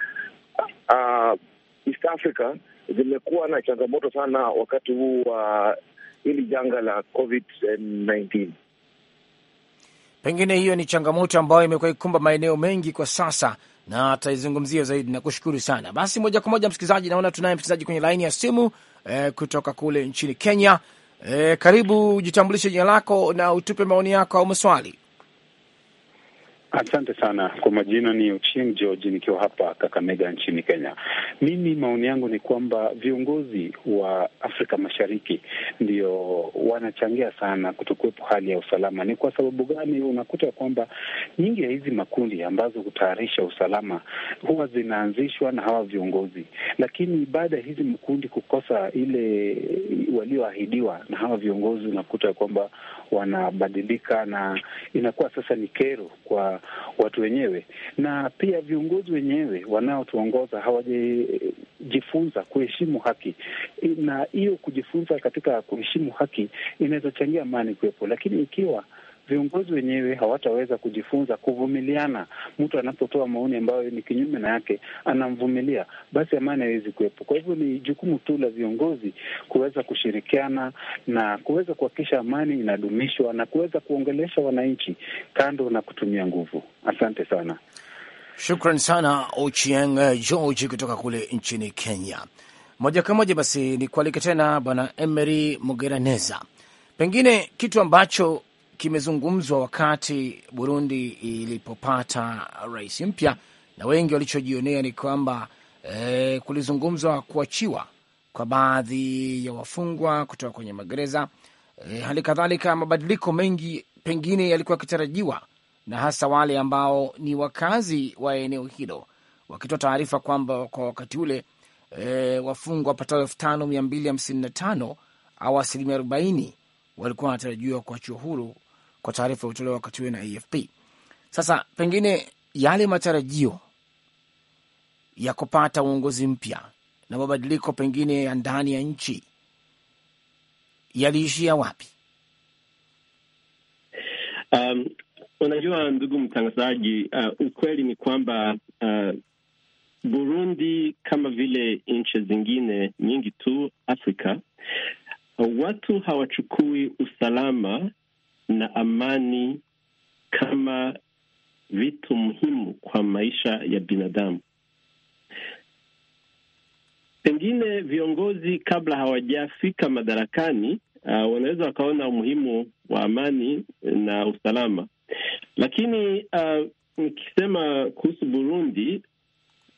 uh, East Africa zimekuwa na changamoto sana wakati huu wa uh, hili janga la COVID-19. Pengine hiyo ni changamoto ambayo imekuwa ikumba maeneo mengi kwa sasa, na ataizungumzia zaidi. Nakushukuru sana. Basi moja kwa moja, msikilizaji, naona tunaye msikilizaji kwenye laini ya simu eh, kutoka kule nchini Kenya. Eh, karibu, jitambulishe jina lako na utupe maoni yako au maswali. Asante sana kwa majina, ni Ochieng George nikiwa hapa Kakamega nchini Kenya. Mimi maoni yangu ni kwamba viongozi wa Afrika Mashariki ndio wanachangia sana kutokuwepo hali ya usalama. Ni kwa sababu gani? Unakuta kwamba nyingi ya hizi makundi ambazo hutayarisha usalama huwa zinaanzishwa na hawa viongozi, lakini baada ya hizi makundi kukosa ile walioahidiwa na hawa viongozi, unakuta kwamba wanabadilika na inakuwa sasa ni kero kwa watu wenyewe, na pia viongozi wenyewe wanaotuongoza hawajajifunza kuheshimu haki, na hiyo kujifunza katika kuheshimu haki inaweza changia amani kuwepo, lakini ikiwa viongozi wenyewe hawataweza kujifunza kuvumiliana. Mtu anapotoa maoni ambayo ni kinyume na yake, anamvumilia, basi amani haiwezi kuwepo. Kwa hivyo ni jukumu tu la viongozi kuweza kushirikiana na kuweza kuhakikisha amani inadumishwa na kuweza kuongelesha wananchi kando na kutumia nguvu. Asante sana. Shukran sana Ochieng George kutoka kule nchini Kenya. Moja kwa moja basi ni kualike tena Bwana Emery Mugeraneza, pengine kitu ambacho kimezungumzwa wakati Burundi ilipopata rais mpya, na wengi walichojionea ni kwamba e, kulizungumzwa kuachiwa kwa baadhi ya wafungwa kutoka kwenye magereza e, hali kadhalika mabadiliko mengi pengine yalikuwa yakitarajiwa, na hasa wale ambao ni wakazi wa eneo hilo wakitoa taarifa kwamba kwa wakati ule e, wafungwa wapatao elfu tano mia mbili hamsini na tano au asilimia arobaini walikuwa wanatarajiwa kuachiwa huru kwa taarifa ya wakati huo na AFP. Sasa pengine yale matarajio ya kupata uongozi mpya na mabadiliko pengine ya ndani ya nchi yaliishia wapi? Um, unajua ndugu mtangazaji, uh, ukweli ni kwamba uh, Burundi kama vile nchi zingine nyingi tu Afrika, uh, watu hawachukui usalama na amani kama vitu muhimu kwa maisha ya binadamu. Pengine viongozi kabla hawajafika madarakani, uh, wanaweza wakaona umuhimu wa amani na usalama, lakini uh, nikisema uh, kuhusu Burundi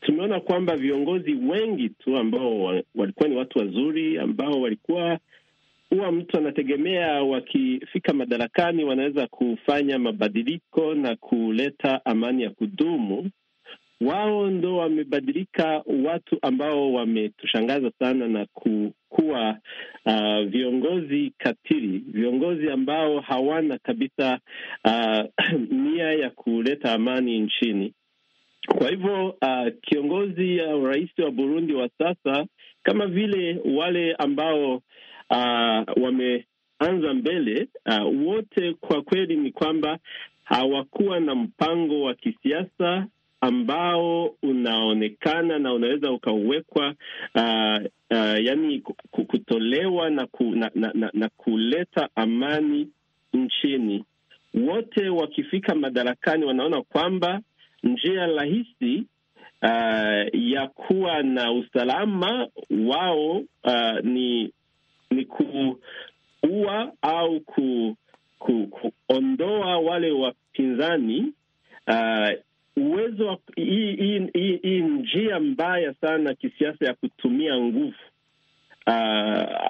tumeona kwamba viongozi wengi tu ambao walikuwa ni watu wazuri ambao walikuwa huwa mtu anategemea wakifika madarakani wanaweza kufanya mabadiliko na kuleta amani ya kudumu. Wao ndo wamebadilika, watu ambao wametushangaza sana na kukuwa uh, ah, viongozi katili, viongozi ambao hawana kabisa uh, nia ya kuleta amani nchini. Kwa hivyo uh, kiongozi au uh, rais wa Burundi wa sasa kama vile wale ambao Ah, wameanza mbele uh, wote kwa kweli ni kwamba hawakuwa na mpango wa kisiasa ambao unaonekana na unaweza ukawekwa uh, uh, yani kutolewa na, ku, na, na, na, na kuleta amani nchini. Wote wakifika madarakani wanaona kwamba njia rahisi uh, ya kuwa na usalama wao uh, ni ni kuua au ku, ku, kuondoa wale wapinzani uh, uwezo wa hii njia mbaya sana kisiasa ya kutumia nguvu uh,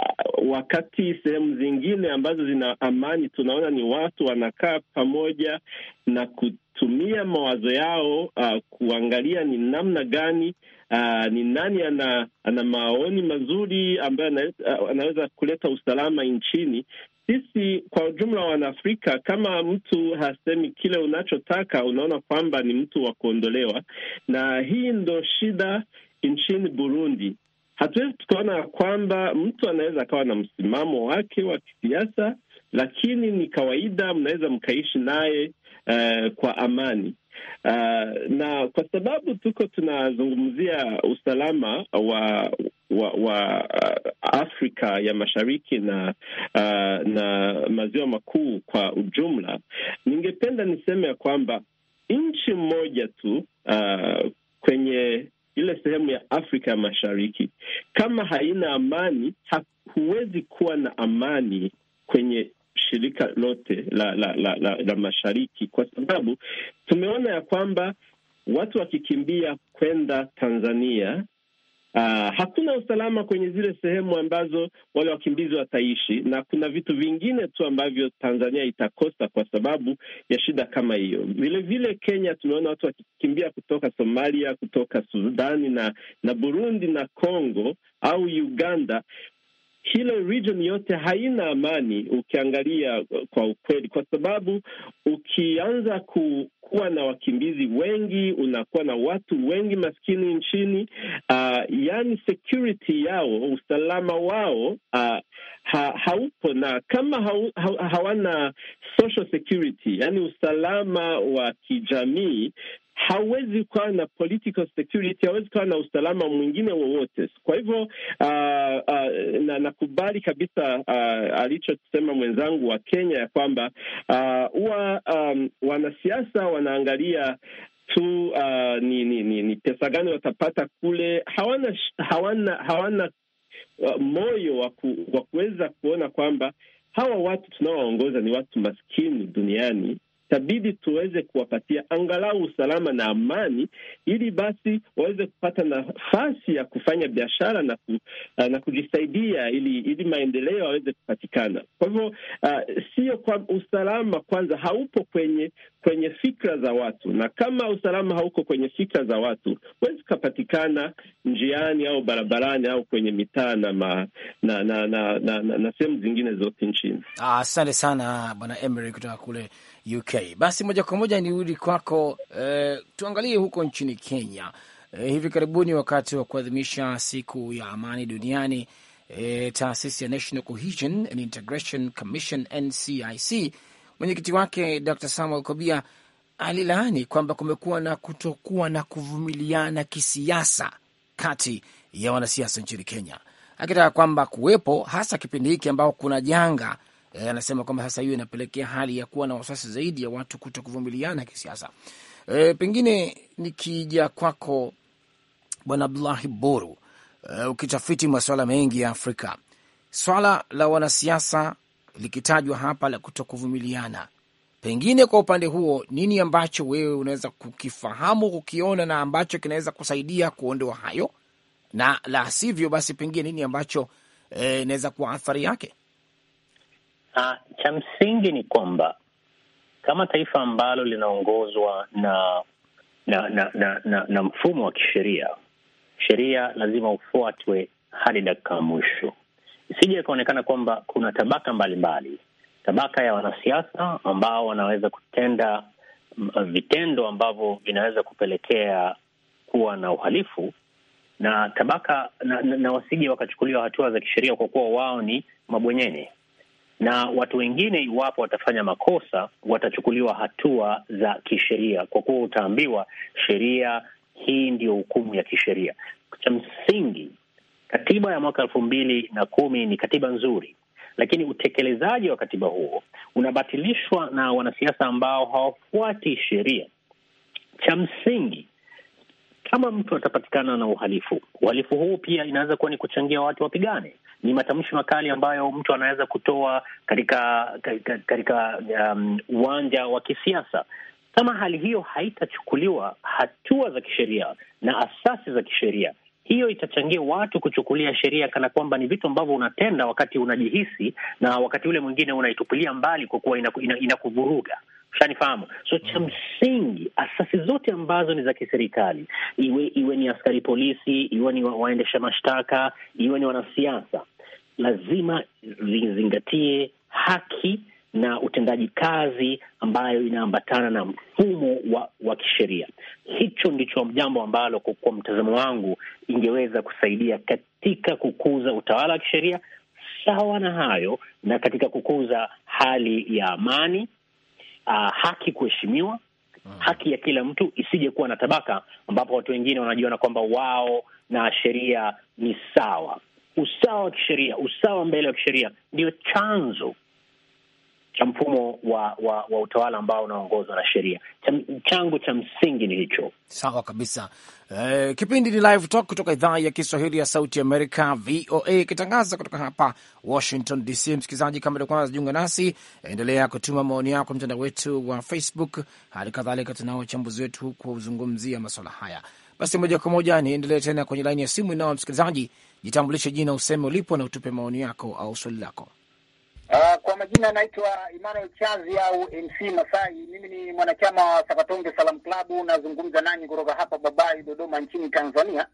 wakati sehemu zingine ambazo zina amani tunaona ni watu wanakaa pamoja na kutumia mawazo yao uh, kuangalia ni namna gani Ah, ni nani ana, ana maoni mazuri ambayo ah, anaweza kuleta usalama nchini. Sisi kwa ujumla Wanaafrika, kama mtu hasemi kile unachotaka, unaona kwamba ni mtu wa kuondolewa, na hii ndo shida nchini Burundi. Hatuwezi tukaona kwamba mtu anaweza akawa na msimamo wake wa kisiasa, lakini ni kawaida, mnaweza mkaishi naye uh, kwa amani. Uh, na kwa sababu tuko tunazungumzia usalama wa wa, wa uh, Afrika ya Mashariki na uh, na maziwa makuu kwa ujumla, ningependa niseme ya kwamba nchi moja tu uh, kwenye ile sehemu ya Afrika ya Mashariki kama haina amani, huwezi kuwa na amani kwenye shirika lote la la, la, la la mashariki, kwa sababu tumeona ya kwamba watu wakikimbia kwenda Tanzania Uh, hakuna usalama kwenye zile sehemu ambazo wale wakimbizi wataishi, na kuna vitu vingine tu ambavyo Tanzania itakosa kwa sababu ya shida kama hiyo. Vilevile Kenya tumeona watu wakikimbia kutoka Somalia, kutoka Sudani na na Burundi na Congo au Uganda, hilo region yote haina amani, ukiangalia kwa ukweli, kwa sababu ukianza ku kuwa na wakimbizi wengi, unakuwa na watu wengi maskini nchini. Uh, yani security yao, usalama wao uh, ha, haupo, na kama hau, ha, hawana social security, yani usalama wa kijamii, hauwezi ukawa na political security, hawezi ukawa na usalama mwingine wowote. Kwa hivyo uh, uh, na nakubali kabisa uh, alichosema mwenzangu wa Kenya ya kwamba huwa uh, um, wanasiasa wanaangalia tu uh, ni, ni, ni, ni pesa gani watapata kule, hawana hawana hawana uh, moyo wa kuweza kuona kwamba hawa watu tunaowaongoza ni watu maskini duniani itabidi tuweze kuwapatia angalau usalama na amani, ili basi waweze kupata nafasi ya kufanya biashara na, ku, uh, na kujisaidia ili ili maendeleo yaweze kupatikana. Kwa hivyo uh, sio kwa usalama kwanza haupo kwenye kwenye fikra za watu, na kama usalama hauko kwenye fikra za watu, huwezi ukapatikana njiani au barabarani au kwenye mitaa na, na, na, na, na, na, na, na sehemu zingine zote nchini. Ah, asante ah, sana Bwana Emery kutoka kule UK. Basi moja kwa moja nirudi kwako, eh, tuangalie huko nchini Kenya. Eh, hivi karibuni wakati wa kuadhimisha siku ya amani duniani, eh, taasisi ya National Cohesion and Integration Commission NCIC Mwenyekiti wake Dr Samuel Kobia alilaani kwamba kumekuwa na kutokuwa na kuvumiliana kisiasa kati ya wanasiasa nchini Kenya, akitaka kwamba kuwepo hasa kipindi hiki ambao kuna janga eh, anasema kwamba sasa hiyo inapelekea hali ya kuwa na wasiwasi zaidi ya watu kuto kuvumiliana kisiasa. E, pengine nikija kwako Bwana Abdullahi Boru, e, ukitafiti masuala mengi ya Afrika, swala la wanasiasa likitajwa hapa la kutokuvumiliana. Pengine kwa upande huo, nini ambacho wewe unaweza kukifahamu kukiona, na ambacho kinaweza kusaidia kuondoa hayo, na la sivyo basi, pengine nini ambacho e, inaweza kuwa athari yake? Ah, cha msingi ni kwamba kama taifa ambalo linaongozwa na na na, na, na na mfumo wa kisheria, sheria lazima ufuatwe hadi dakika ya mwisho isije ikaonekana kwamba kuna tabaka mbalimbali mbali. Tabaka ya wanasiasa ambao wanaweza kutenda vitendo ambavyo vinaweza kupelekea kuwa na uhalifu na tabaka na, na, na wasije wakachukuliwa hatua za kisheria kwa kuwa wao ni mabwenyenye, na watu wengine, iwapo watafanya makosa, watachukuliwa hatua za kisheria kwa kuwa utaambiwa sheria hii ndiyo hukumu ya kisheria. Cha msingi Katiba ya mwaka elfu mbili na kumi ni katiba nzuri, lakini utekelezaji wa katiba huo unabatilishwa na wanasiasa ambao hawafuati sheria. Cha msingi, kama mtu atapatikana na uhalifu, uhalifu huu pia inaweza kuwa ni kuchangia watu wapigane. Ni matamshi makali ambayo mtu anaweza kutoa katika katika um, uwanja um, wa kisiasa. Kama hali hiyo haitachukuliwa hatua za kisheria na asasi za kisheria, hiyo itachangia watu kuchukulia sheria kana kwamba ni vitu ambavyo unatenda wakati unajihisi, na wakati ule mwingine unaitupilia mbali kwa kuwa inakuvuruga. Ushanifahamu? So cha mm. msingi, asasi zote ambazo ni za kiserikali, iwe iwe ni askari polisi, iwe ni waendesha mashtaka, iwe ni wanasiasa, lazima zizingatie haki na utendaji kazi ambayo inaambatana na mfumo wa, wa kisheria. Hicho ndicho jambo ambalo kwa mtazamo wangu ingeweza kusaidia katika kukuza utawala wa kisheria. Sawa na hayo, na katika kukuza hali ya amani, uh, haki kuheshimiwa haki ya kila mtu isije kuwa na tabaka ambapo watu wengine wanajiona kwamba wao na sheria ni sawa. Usawa wa kisheria, usawa mbele wa kisheria ndio chanzo cha mfumo wa, wa, wa utawala ambao unaongozwa na sheria. Chango cha msingi ni hicho. Sawa kabisa. Eh, kipindi ni Live Talk kutoka idhaa ya Kiswahili ya Sauti Amerika VOA ikitangaza kutoka hapa Washington DC. Msikilizaji, kama ndio kwanza jiunga nasi, endelea kutuma maoni yako kwa mtandao wetu wa Facebook. Hali kadhalika tunao wachambuzi wetu huku kuzungumzia masuala haya. Basi moja kwa moja niendelee tena kwenye laini ya simu. Inao msikilizaji, jitambulishe jina, useme ulipo na utupe maoni yako au swali lako. Uh, kwa majina anaitwa Emmanuel Chazi au MC Masai. Mimi ni mwanachama wa Sakatonge Salam Club, nazungumza nanyi kutoka hapa Babai, Dodoma nchini Tanzania.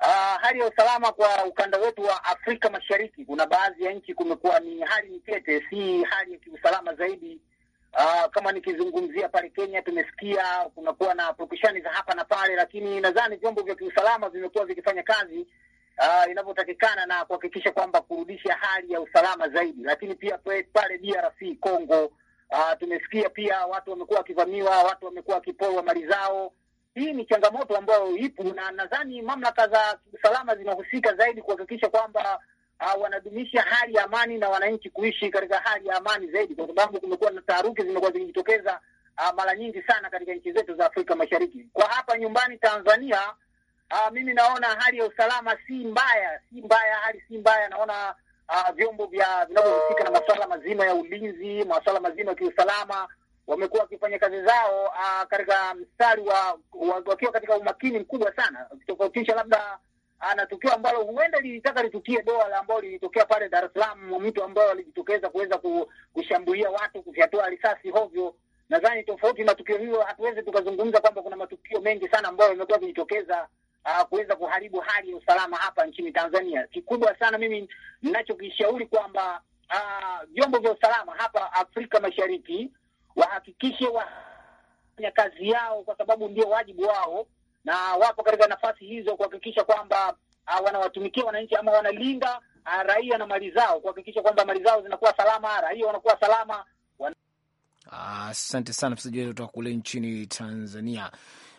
Uh, hali ya usalama kwa ukanda wetu wa Afrika Mashariki, kuna baadhi ya nchi kumekuwa ni hali ni tete, si hali ya kiusalama zaidi. Uh, kama nikizungumzia pale Kenya, tumesikia kunakuwa na purukushani za hapa na pale, lakini nadhani vyombo vya kiusalama vimekuwa vikifanya kazi uh, inavyotakikana na kuhakikisha kwamba kurudisha hali ya usalama zaidi. Lakini pia pale DRC Congo, uh, tumesikia pia watu wamekuwa wakivamiwa, watu wamekuwa wakiporwa mali zao. Hii ni changamoto ambayo ipo, na nadhani mamlaka za usalama zinahusika zaidi kuhakikisha kwamba uh, wanadumisha hali ya amani na wananchi kuishi katika hali ya amani zaidi, kwa sababu kumekuwa na taharuki zimekuwa zikijitokeza uh, mara nyingi sana katika nchi zetu za Afrika Mashariki. Kwa hapa nyumbani Tanzania Aa, ah, mimi naona hali ya usalama si mbaya, si mbaya, hali si mbaya. Naona uh, vyombo vya vinavyohusika na masuala mazima ya ulinzi, masuala mazima ya kiusalama wamekuwa wakifanya kazi zao uh, katika mstari wa, wa wakiwa katika umakini mkubwa sana, ukitofautisha labda uh, na tukio ambalo huenda lilitaka litukie dola ambalo lilitokea pale Dar es Salaam, mtu ambaye alijitokeza kuweza kushambulia watu, kufyatua risasi hovyo. Nadhani tofauti na tukio hilo, hatuwezi tukazungumza kwamba kuna matukio mengi sana ambayo yamekuwa yakijitokeza uh, kuweza kuharibu hali ya usalama hapa nchini Tanzania. Kikubwa sana mimi ninachokishauri kwamba ah, vyombo uh, vya usalama hapa Afrika Mashariki wahakikishe wafanya kazi yao, kwa sababu ndio wajibu wao, na wapo katika nafasi hizo kuhakikisha kwamba uh, wanawatumikia wananchi ama wanalinda uh, raia na mali zao, kuhakikisha kwamba mali zao zinakuwa salama, raia wanakuwa salama. Asante ah, sana kutoka kule nchini Tanzania.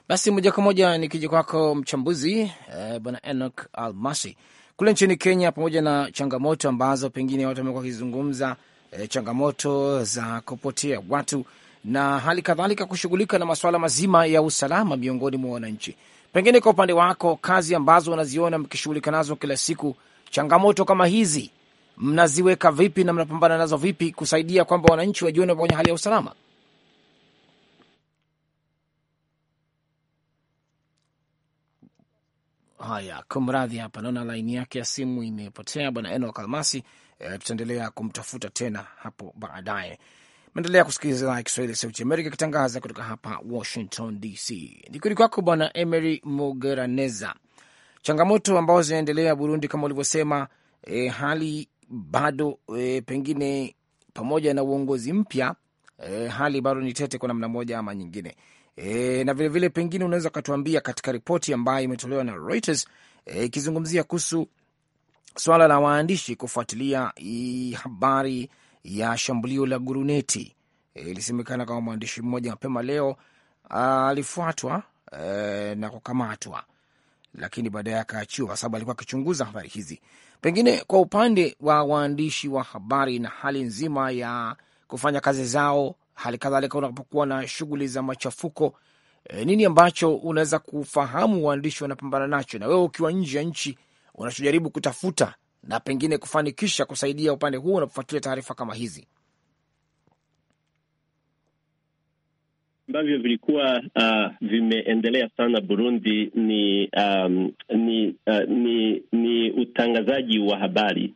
Basi moja kwa moja nikija kwako mchambuzi eh, bwana Enoch Almasi kule nchini Kenya, pamoja na changamoto ambazo pengine watu wamekuwa wakizungumza eh, changamoto za kupotea watu na hali kadhalika kushughulika na masuala mazima ya usalama miongoni mwa wananchi, pengine kwa upande wako, kazi ambazo unaziona mkishughulika nazo kila siku, changamoto kama hizi mnaziweka vipi na mnapambana nazo vipi kusaidia kwamba wananchi wajione kwenye hali ya usalama? Haya, kumradhi, hapa naona laini yake ya simu imepotea, bwana Enoch Almasi. E, tutaendelea kumtafuta tena hapo baadaye. Maendelea kusikiliza idhaa ya Kiswahili Sauti Amerika ikitangaza kutoka hapa Washington DC. Ni kuri kwako bwana Emery Mogeraneza. Changamoto ambazo zinaendelea Burundi kama ulivyosema, e, hali bado e, pengine pamoja na uongozi mpya e, hali bado ni tete kwa namna moja ama nyingine e, na vilevile vile pengine unaweza ukatuambia katika ripoti ambayo imetolewa na Reuters e, ikizungumzia e, kuhusu swala la waandishi kufuatilia habari ya shambulio la guruneti. E, ilisemekana e, kama mwandishi mmoja mapema leo alifuatwa e, na kukamatwa, lakini baadaye akaachiwa kwa sababu alikuwa akichunguza habari hizi. Pengine kwa upande wa waandishi wa habari na hali nzima ya kufanya kazi zao hali kadhalika unapokuwa na shughuli za machafuko e, nini ambacho unaweza kufahamu waandishi wanapambana nacho, na wewe ukiwa nje ya nchi unachojaribu kutafuta na pengine kufanikisha kusaidia upande huu unapofuatilia taarifa kama hizi ambavyo vilikuwa uh, vimeendelea sana Burundi ni um, ni, uh, ni ni utangazaji wa habari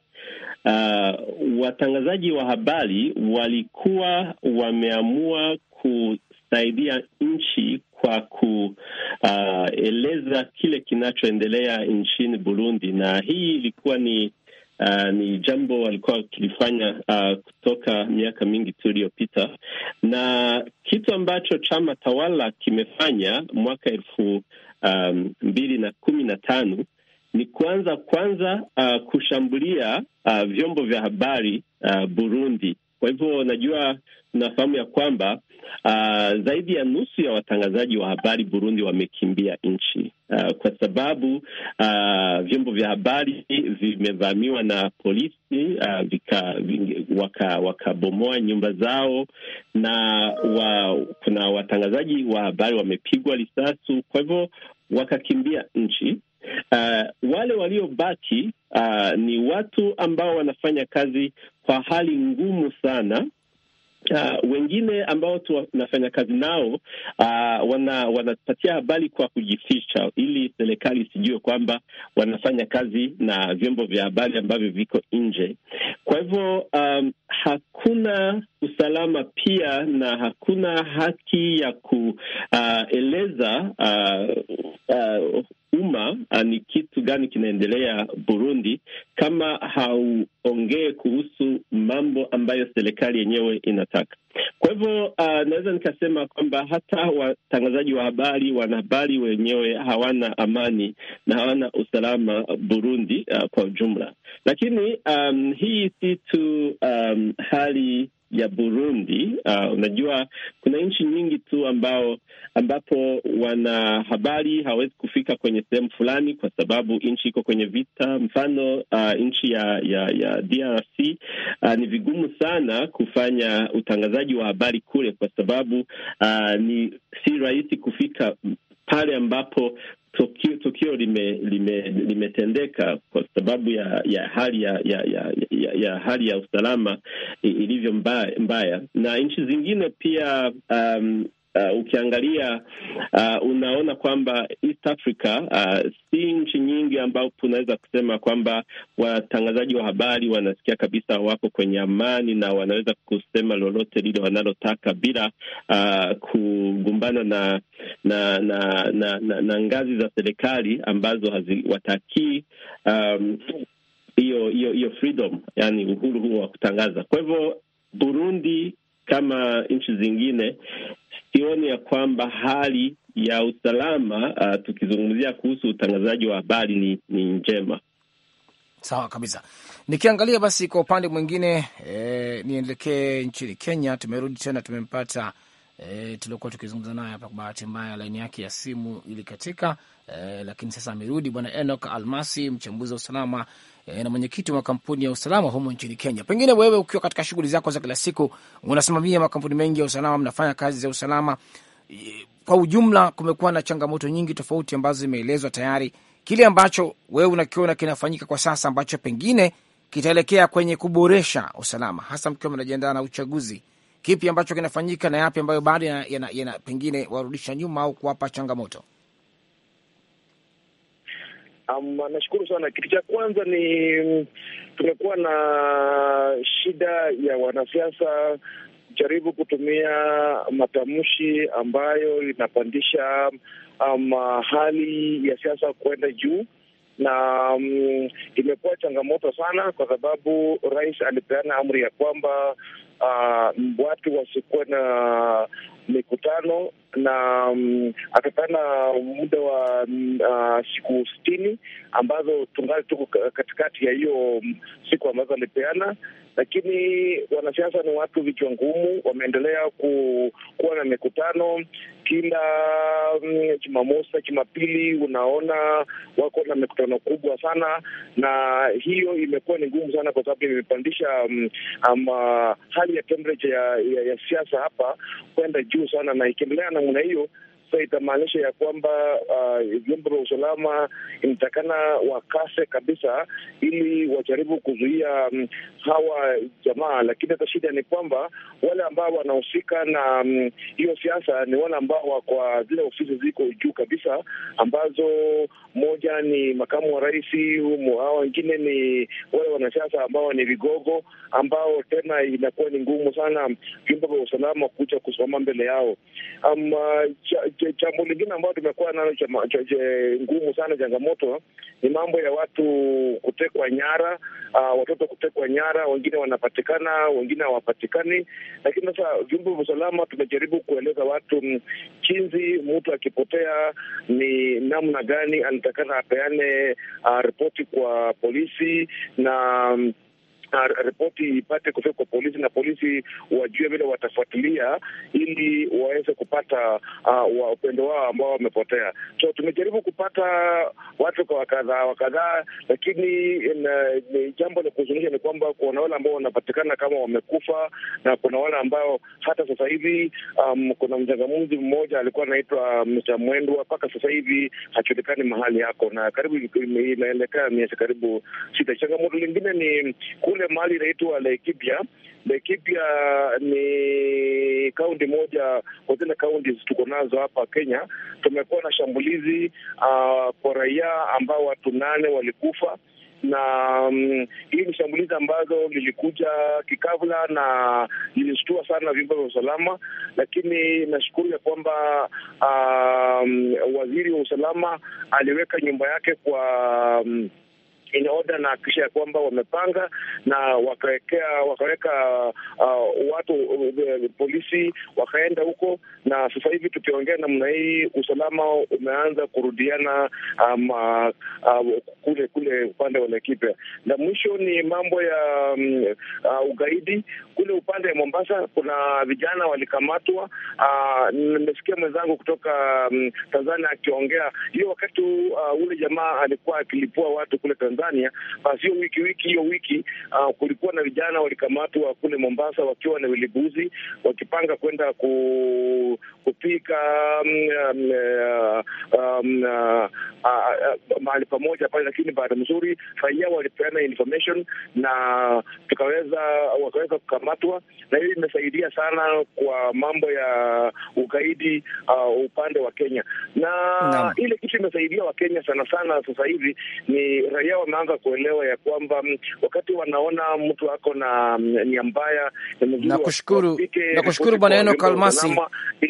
uh, watangazaji wa habari walikuwa wameamua kusaidia nchi kwa kueleza uh, kile kinachoendelea nchini Burundi, na hii ilikuwa ni Uh, ni jambo walikuwa wakilifanya uh, kutoka miaka mingi tu iliyopita, na kitu ambacho chama tawala kimefanya mwaka elfu um, mbili na kumi na tano ni kuanza kwanza, kwanza uh, kushambulia uh, vyombo vya habari uh, Burundi. Kwa hivyo najua nafahamu ya kwamba uh, zaidi ya nusu ya watangazaji wa habari Burundi wamekimbia nchi uh, kwa sababu uh, vyombo vya habari vimevamiwa na polisi uh, vika, waka, wakabomoa nyumba zao na wa, kuna watangazaji wa habari wamepigwa risasi, kwa hivyo wakakimbia nchi Uh, wale waliobaki uh, ni watu ambao wanafanya kazi kwa hali ngumu sana. Uh, wengine ambao tunafanya kazi nao uh, wana, wanapatia habari kwa kujificha, ili serikali isijue kwamba wanafanya kazi na vyombo vya habari ambavyo viko nje. Kwa hivyo um, hakuna usalama pia na hakuna haki ya kueleza uh, uh, uh, umma ah, ni kitu gani kinaendelea Burundi kama hauongee kuhusu mambo ambayo serikali yenyewe inataka. Kwa hivyo uh, naweza nikasema kwamba hata watangazaji wa habari, wanahabari wenyewe hawana amani na hawana usalama Burundi uh, kwa ujumla. Lakini um, hii si tu um, hali ya Burundi. Uh, unajua kuna nchi nyingi tu ambao ambapo wanahabari hawawezi kufika kwenye sehemu fulani kwa sababu nchi iko kwenye vita. Mfano uh, nchi ya ya ya DRC uh, ah, ni vigumu sana kufanya utangazaji wa habari kule kwa sababu uh, ni si rahisi kufika pale ambapo tukio, tukio limetendeka lime, lime kwa sababu ya ya hali ya, ya, ya, ya, ya hali ya usalama ilivyo mbaya, mbaya na nchi zingine pia um, Uh, ukiangalia uh, unaona kwamba East Africa uh, si nchi nyingi ambapo tunaweza kusema kwamba watangazaji wa habari wanasikia kabisa wako kwenye amani na wanaweza kusema lolote lile wanalotaka bila uh, kugumbana na na na, na, na na ngazi za serikali ambazo haziwatakii um, hiyo freedom, yani uhuru huo wa kutangaza. Kwa hivyo Burundi kama nchi zingine, sioni ya kwamba hali ya usalama uh, tukizungumzia kuhusu utangazaji wa habari ni, ni njema. Sawa kabisa. Nikiangalia basi kwa upande mwingine e, nielekee nchini Kenya. Tumerudi tena, tumempata e, tuliokuwa tukizungumza naye hapa. Kwa bahati mbaya laini yake ya simu ilikatika, e, lakini sasa amerudi Bwana Enoch Almasi, mchambuzi wa usalama Eh, na mwenyekiti wa makampuni ya usalama humo nchini Kenya. Pengine wewe ukiwa katika shughuli zako za kila siku, unasimamia makampuni mengi ya usalama, mnafanya kazi za usalama eh, kwa ujumla, kumekuwa na changamoto nyingi tofauti ambazo zimeelezwa tayari. Kile ambacho wewe unakiona kinafanyika kwa sasa ambacho pengine kitaelekea kwenye kuboresha usalama, hasa mkiwa mnajiandaa na uchaguzi, kipi ambacho kinafanyika na yapi ambayo bado yana, yana, yana pengine warudisha nyuma au kuwapa changamoto? Um, nashukuru sana. Kitu cha kwanza ni mm, tumekuwa na shida ya wanasiasa jaribu kutumia matamshi ambayo inapandisha um, hali ya siasa kwenda juu na um, imekuwa changamoto sana, kwa sababu rais alipeana amri ya kwamba uh, watu wasikuwe na mikutano na um, mm, akapeana muda wa uh, siku sitini ambazo tungali tuko katikati ya hiyo siku ambazo alipeana, lakini wanasiasa ni watu vichwa ngumu, wameendelea ku, kuwa na mikutano kila mm, Jumamosi na Jumapili unaona wako na mikutano kubwa sana, na hiyo imekuwa ni ngumu sana, kwa sababu imepandisha um, um, hali ya temperature ya, ya, ya siasa hapa kwenda juu sana, na ikiendelea namna hiyo sasa itamaanisha ya kwamba uh, vyombo uh, vya usalama inatakana wakase kabisa, ili wajaribu kuzuia um, hawa jamaa. Lakini hata shida ni kwamba wale ambao wanahusika na um, hiyo um, siasa ni wale ambao wakwa zile ofisi ziko juu kabisa, ambazo moja ni makamu wa rais, hao wengine ni wale wanasiasa ambao ni vigogo, ambao tena inakuwa ni ngumu sana vyombo vya usalama kuja kusimama mbele yao um, uh, jambo lingine ambayo tumekuwa nalo ngumu sana, changamoto ni mambo ya watu kutekwa nyara, uh, watoto kutekwa nyara, wengine wanapatikana, wengine hawapatikani. Lakini sasa vyombo vya usalama tumejaribu kueleza watu chinzi mm, mtu akipotea ni namna gani anatakana apeane uh, ripoti kwa polisi na um, na ripoti ipate kufika kwa polisi, na polisi wajue vile watafuatilia ili waweze kupata uh, upendo wao ambao wamepotea. So tumejaribu kupata watu kwa kadhaa wa lakini eh, jambo la kuhuzunisha ni kwamba kuna wale ambao wanapatikana kama wamekufa na kuna wale ambao hata sasa hivi um, kuna mchangamuzi mmoja alikuwa anaitwa Mr. Um, Mwendwa, mpaka sasa hivi hajulikani mahali yako, na karibu inaelekea miezi karibu sita. Changamoto lingine ni kule kule Mali inaitwa Laikipia. Laikipia ni kaunti moja kwa zile kaunti tuko nazo hapa Kenya. Tumekuwa na shambulizi uh, kwa raia ambao watu nane walikufa na um, hii ni shambulizi ambazo lilikuja kikavla na lilishtua sana vyombo vya usalama, lakini nashukuru ya kwamba um, waziri wa usalama aliweka nyumba yake kwa um, in order na kisha ya kwamba wamepanga na wakawekea wakaweka uh, watu uh, polisi wakaenda huko, na sasa hivi tukiongea namna hii usalama umeanza kurudiana um, uh, uh, kule kule upande wa Laikipia. Na mwisho ni mambo ya um, uh, ugaidi kule upande ya Mombasa, kuna vijana walikamatwa. Uh, nimesikia mwenzangu kutoka um, Tanzania akiongea hiyo wakati uh, ule jamaa alikuwa akilipua watu kule Tanzania. Tanzania. hiyo ah, wiki wiki hiyo wiki, uh, kulikuwa na vijana walikamatwa kule Mombasa wakiwa na wilibuzi wakipanga kwenda ku, kupika um, um, uh, uh, mahali pamoja pale, lakini bahati mzuri raia walipeana information na tukaweza wakaweza kukamatwa, na hiyo imesaidia sana kwa mambo ya ugaidi uh, upande wa Kenya na no. Ile kitu imesaidia Wakenya sana sana sasa hivi ni raia wa wameanza kuelewa ya kwamba mm, wakati wanaona mtu ako na mm, nia mbaya. Nakushukuru, nakushukuru bwana Enock Almasi,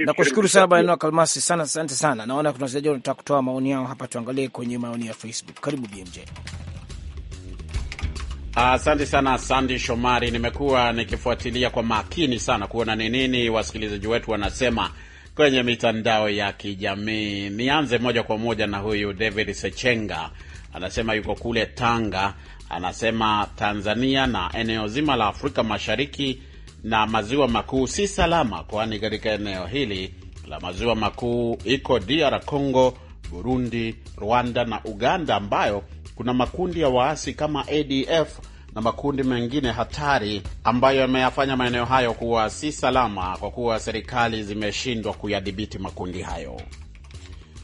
nakushukuru sana bwana Eno Kalmasi sana, asante sana. Naona kuna wasikilizaji wanataka kutoa maoni yao hapa, tuangalie kwenye maoni ya Facebook. Karibu BMJ. Asante uh, sana Sandi Shomari. Nimekuwa nikifuatilia kwa makini sana kuona ni nini wasikilizaji wetu wanasema kwenye mitandao ya kijamii. Nianze moja kwa moja na huyu David Sechenga anasema yuko kule Tanga. Anasema Tanzania na eneo zima la Afrika Mashariki na maziwa makuu si salama, kwani katika eneo hili la maziwa makuu iko DR Congo, Burundi, Rwanda na Uganda, ambayo kuna makundi ya waasi kama ADF na makundi mengine hatari ambayo yameyafanya maeneo hayo kuwa si salama, kwa kuwa serikali zimeshindwa kuyadhibiti makundi hayo.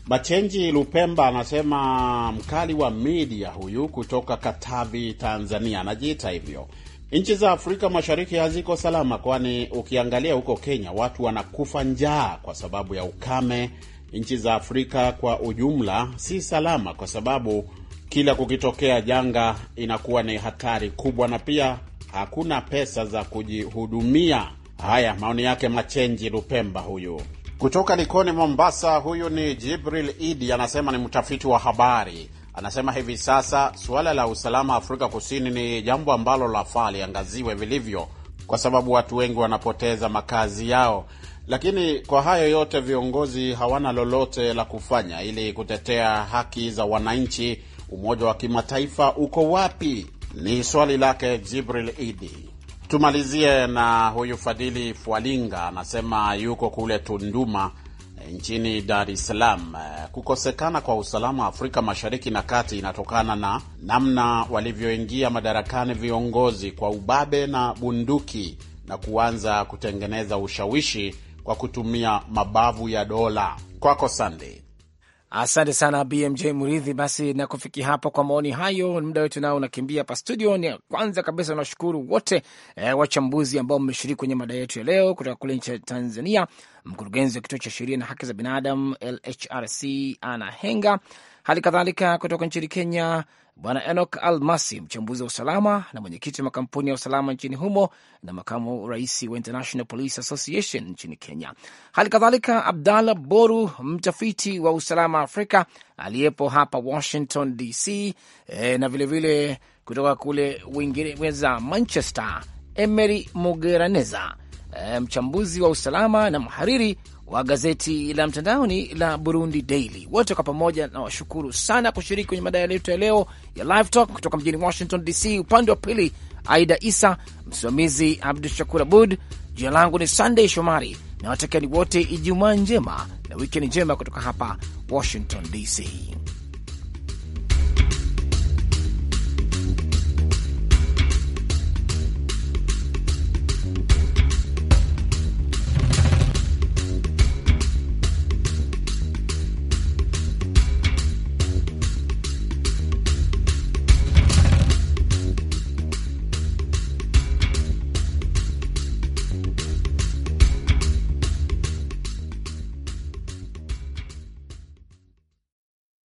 Machenji Lupemba anasema mkali wa media huyu kutoka Katavi, Tanzania, anajiita hivyo. Nchi za Afrika Mashariki haziko salama, kwani ukiangalia huko Kenya watu wanakufa njaa kwa sababu ya ukame. Nchi za Afrika kwa ujumla si salama, kwa sababu kila kukitokea janga inakuwa ni hatari kubwa, na pia hakuna pesa za kujihudumia. Haya maoni yake Machenji Lupemba huyu. Kutoka Likoni, Mombasa, huyu ni Jibril Idi, anasema ni mtafiti wa habari. Anasema hivi sasa suala la usalama Afrika Kusini ni jambo ambalo lafaa liangaziwe vilivyo, kwa sababu watu wengi wanapoteza makazi yao, lakini kwa hayo yote viongozi hawana lolote la kufanya ili kutetea haki za wananchi. Umoja wa kimataifa uko wapi? Ni swali lake Jibril Idi. Tumalizie na huyu Fadhili Fwalinga, anasema yuko kule Tunduma eh, nchini Dar es Salaam. Eh, kukosekana kwa usalama wa Afrika Mashariki na Kati inatokana na namna walivyoingia madarakani viongozi kwa ubabe na bunduki na kuanza kutengeneza ushawishi kwa kutumia mabavu ya dola. Kwako Sunday. Asante sana BMJ Muridhi. Basi na kufikia hapo kwa maoni hayo, muda wetu nao unakimbia hapa studio. Ni kwanza kabisa unashukuru wote eh, wachambuzi ambao mmeshiriki kwenye mada yetu ya leo kutoka kule nchi ya Tanzania, mkurugenzi wa kituo cha sheria na haki za binadamu LHRC Ana Henga, hali kadhalika kutoka nchini Kenya Bwana Enok Almasi, mchambuzi wa usalama na mwenyekiti wa makampuni ya usalama nchini humo na makamu rais wa International Police Association nchini Kenya. Hali kadhalika Abdallah Boru, mtafiti wa usalama Afrika aliyepo hapa Washington DC, e, na vilevile kutoka kule Uingereza, Manchester, Emery Mugeraneza Eh, mchambuzi wa usalama na mhariri wa gazeti la mtandaoni la Burundi Daily. Wote kwa pamoja na washukuru sana kushiriki kwenye mada yetu ya leo ya Live Talk kutoka mjini Washington DC. Upande wa pili Aida Isa, msimamizi Abdu Shakur Abud. Jina langu ni Sunday Shomari na watakieni wote Ijumaa njema na wikendi njema kutoka hapa Washington DC.